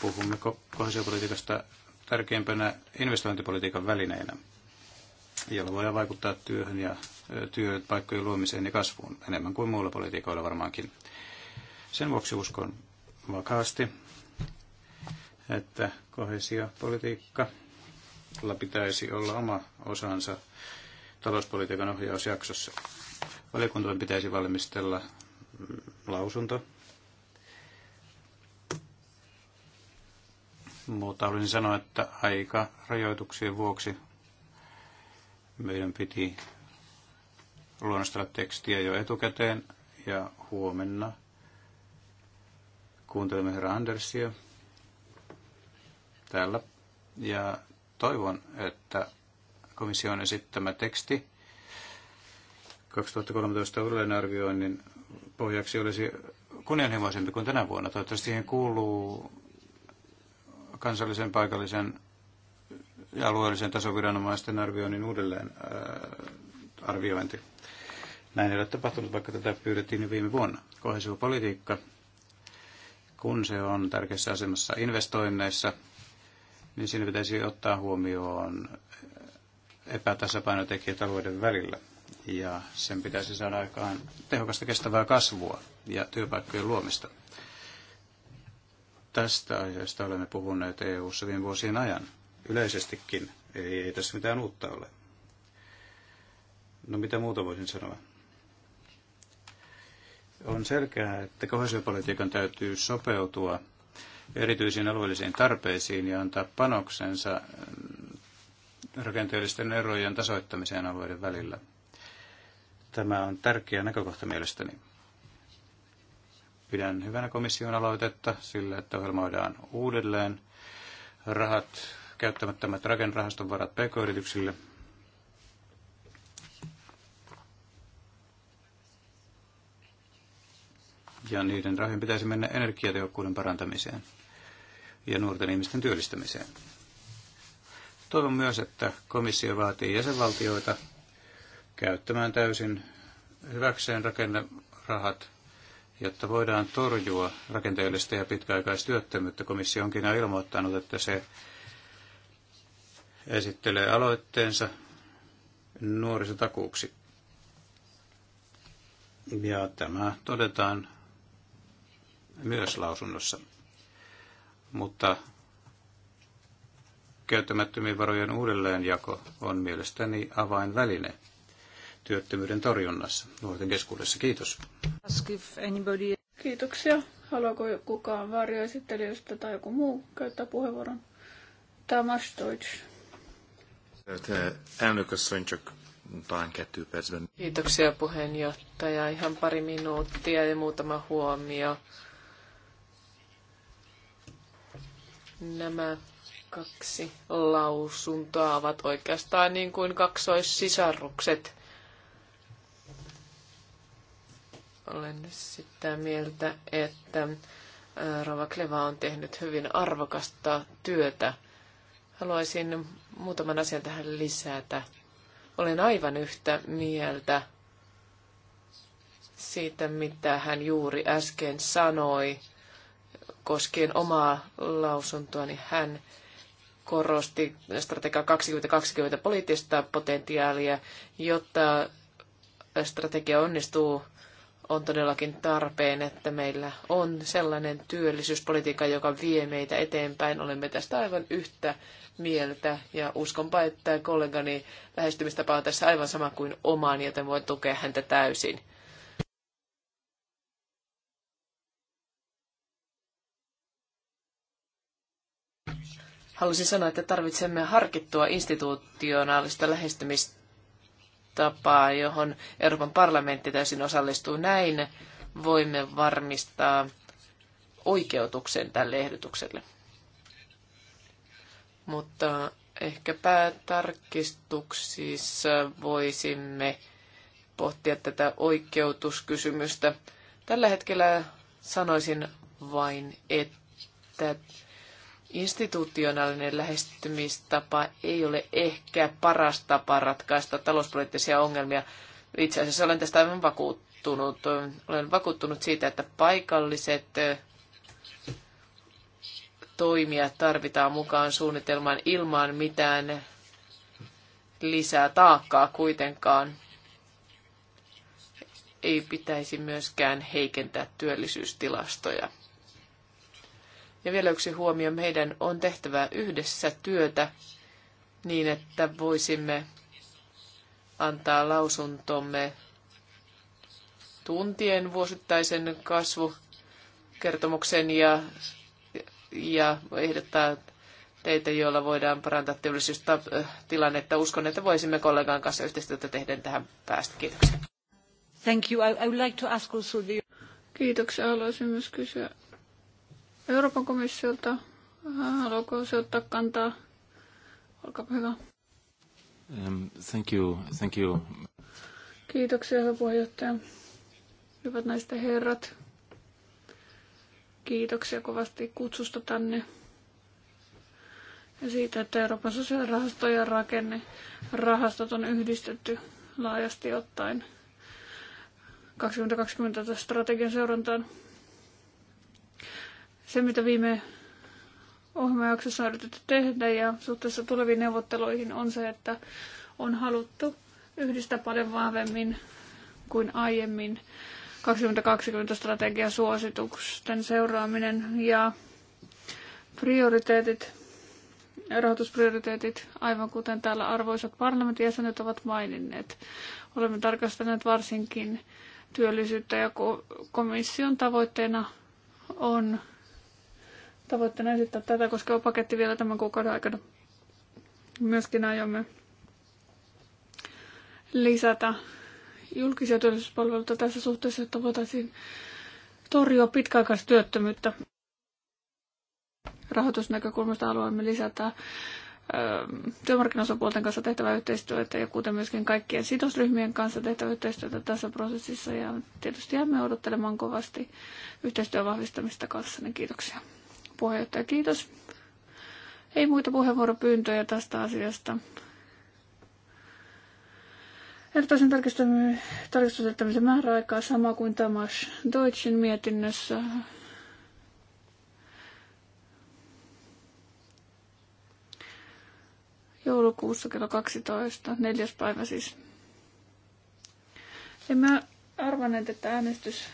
Speaker 4: puhumme kohesiopolitiikasta tärkeimpänä investointipolitiikan välineenä, jolla voidaan vaikuttaa työhön ja työpaikkojen luomiseen ja kasvuun enemmän kuin muilla politiikoilla varmaankin. Sen vuoksi uskon vakaasti, että kohesiopolitiikka pitäisi olla oma osansa talouspolitiikan ohjausjaksossa. Valiokuntojen pitäisi valmistella lausunto Mutta haluaisin sanoa, että aika rajoituksien vuoksi meidän piti luonnostella tekstiä jo etukäteen ja huomenna kuuntelemme herra Andersia täällä. Ja toivon, että komission esittämä teksti 2013 uudelleenarvioinnin pohjaksi olisi kunnianhimoisempi kuin tänä vuonna. Toivottavasti siihen kuuluu kansallisen, paikallisen ja alueellisen tasoviranomaisten arvioinnin uudelleen äh, arviointi. Näin ei ole tapahtunut, vaikka tätä pyydettiin jo viime vuonna. Kohesiopolitiikka, kun se on tärkeässä asemassa investoinneissa, niin siinä pitäisi ottaa huomioon äh, epätasapainotekijät alueiden välillä. Ja sen pitäisi saada aikaan tehokasta kestävää kasvua ja työpaikkojen luomista. Tästä aiheesta olemme puhuneet EU-ssa viime vuosien ajan yleisestikin, Ei, ei tässä mitään uutta ole. No mitä muuta voisin sanoa? On selkeää, että kohesiopolitiikan täytyy sopeutua erityisiin alueellisiin tarpeisiin ja antaa panoksensa rakenteellisten erojen tasoittamiseen alueiden välillä. Tämä on tärkeä näkökohta mielestäni. Pidän hyvänä komission aloitetta sillä, että ohjelmoidaan uudelleen rahat, käyttämättömät rakennerahaston varat pk-yrityksille. Ja niiden rahojen pitäisi mennä energiatehokkuuden parantamiseen ja nuorten ihmisten työllistämiseen. Toivon myös, että komissio vaatii jäsenvaltioita käyttämään täysin hyväkseen rakennerahat Jotta voidaan torjua rakenteellista ja pitkäaikaistyöttömyyttä, komissio onkin jo ilmoittanut, että se esittelee aloitteensa nuorisotakuuksi. Ja tämä todetaan myös lausunnossa. Mutta käyttämättömien varojen uudelleenjako on mielestäni avainväline työttömyyden torjunnassa nuorten keskuudessa. Kiitos.
Speaker 2: Kiitoksia. Haluaako kukaan varjoesittelijöistä tai joku muu käyttää puheenvuoron? Tamas Deutsch.
Speaker 4: Eh,
Speaker 3: Kiitoksia puheenjohtaja. Ihan pari minuuttia ja muutama huomio. Nämä kaksi lausuntoa ovat oikeastaan niin kuin kaksoissisarrukset. Olen sitä mieltä, että äh, Rova Kleva on tehnyt hyvin arvokasta työtä. Haluaisin muutaman asian tähän lisätä. Olen aivan yhtä mieltä siitä, mitä hän juuri äsken sanoi koskien omaa lausuntoa, niin hän korosti strategia 2020 poliittista potentiaalia, jotta strategia onnistuu on todellakin tarpeen, että meillä on sellainen työllisyyspolitiikka, joka vie meitä eteenpäin. Olemme tästä aivan yhtä mieltä ja uskonpa, että kollegani lähestymistapa on tässä aivan sama kuin omaan, joten voin tukea häntä täysin. Haluaisin sanoa, että tarvitsemme harkittua institutionaalista lähestymistä tapaa, johon Euroopan parlamentti täysin osallistuu. Näin voimme varmistaa oikeutuksen tälle ehdotukselle. Mutta ehkäpä tarkistuksissa voisimme pohtia tätä oikeutuskysymystä. Tällä hetkellä sanoisin vain, että Institutionaalinen lähestymistapa ei ole ehkä paras tapa ratkaista talouspoliittisia ongelmia. Itse asiassa olen tästä aivan vakuuttunut. Olen vakuuttunut siitä, että paikalliset toimia tarvitaan mukaan suunnitelmaan ilman mitään lisää taakkaa kuitenkaan. Ei pitäisi myöskään heikentää työllisyystilastoja. Ja vielä yksi huomio, meidän on tehtävä yhdessä työtä niin, että voisimme antaa lausuntomme tuntien vuosittaisen kasvukertomuksen ja, ja ehdottaa teitä, joilla voidaan parantaa teollisuustilannetta. Äh, Uskon, että voisimme kollegan kanssa yhteistyötä tehdä tähän päästä. Kiitoksia. Thank you. I,
Speaker 2: would like to ask also the... Kiitoksia. Haluaisin myös kysyä Euroopan komissiolta. Haluatko se ottaa kantaa? Olkaa hyvä.
Speaker 1: Um, thank you, thank you.
Speaker 2: Kiitoksia, hyvä puheenjohtaja. Hyvät naiset ja herrat. Kiitoksia kovasti kutsusta tänne ja siitä, että Euroopan sosiaalirahasto ja rahastot on yhdistetty laajasti ottaen 2020 strategian seurantaan se, mitä viime ohjelmajaksossa on yritetty tehdä ja suhteessa tuleviin neuvotteluihin on se, että on haluttu yhdistää paljon vahvemmin kuin aiemmin 2020 strategian suositusten seuraaminen ja prioriteetit, rahoitusprioriteetit, aivan kuten täällä arvoisat parlamentin jäsenet ovat maininneet. Olemme tarkastaneet varsinkin työllisyyttä ja komission tavoitteena on tavoitteena esittää tätä on paketti vielä tämän kuukauden aikana. Myöskin aiomme lisätä julkisia työllisyyspalveluita tässä suhteessa, jotta voitaisiin torjua pitkäaikaistyöttömyyttä. Rahoitusnäkökulmasta haluamme lisätä ähm, työmarkkinasopuolten kanssa tehtävää yhteistyötä ja kuten myöskin kaikkien sidosryhmien kanssa tehtävää yhteistyötä tässä prosessissa. Ja tietysti jäämme odottelemaan kovasti yhteistyön vahvistamista kanssanne. Kiitoksia. Puheenjohtaja, kiitos. Ei muita puheenvuoropyyntöjä tästä asiasta. Ehdottaisin tarkistusettamisen määräaikaa sama kuin Tamas Deutschin mietinnössä. Joulukuussa kello 12, neljäs päivä siis. En mä arvanneet, että äänestys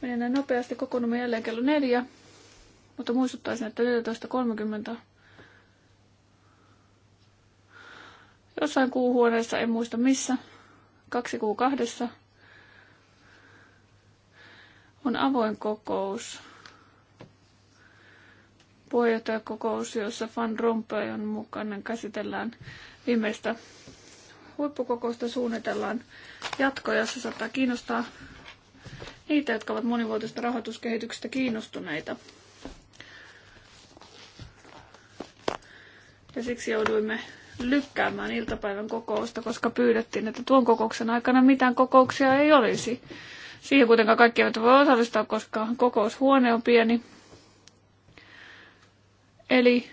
Speaker 2: menee näin nopeasti. Kokoonnumme jälleen kello neljä. Mutta muistuttaisin, että 14.30 jossain kuuhuoneessa, en muista missä, kaksi kuu kahdessa, on avoin kokous. Puheenjohtajakokous, jossa Van Rompuy on mukana, käsitellään viimeistä huippukokousta, suunnitellaan jatkoja, se saattaa kiinnostaa niitä, jotka ovat monivuotisesta rahoituskehityksestä kiinnostuneita. Ja siksi jouduimme lykkäämään iltapäivän kokousta, koska pyydettiin, että tuon kokouksen aikana mitään kokouksia ei olisi. Siihen kuitenkaan kaikki eivät voi osallistua, koska kokoushuone on pieni. Eli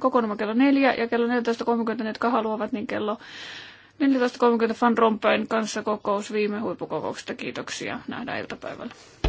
Speaker 2: kokoonnumme kello 4 ja kello 14.30 ne, jotka haluavat, niin kello 14.30 Van Rompuyn kanssa kokous viime huippukokouksesta. Kiitoksia. Nähdään iltapäivällä.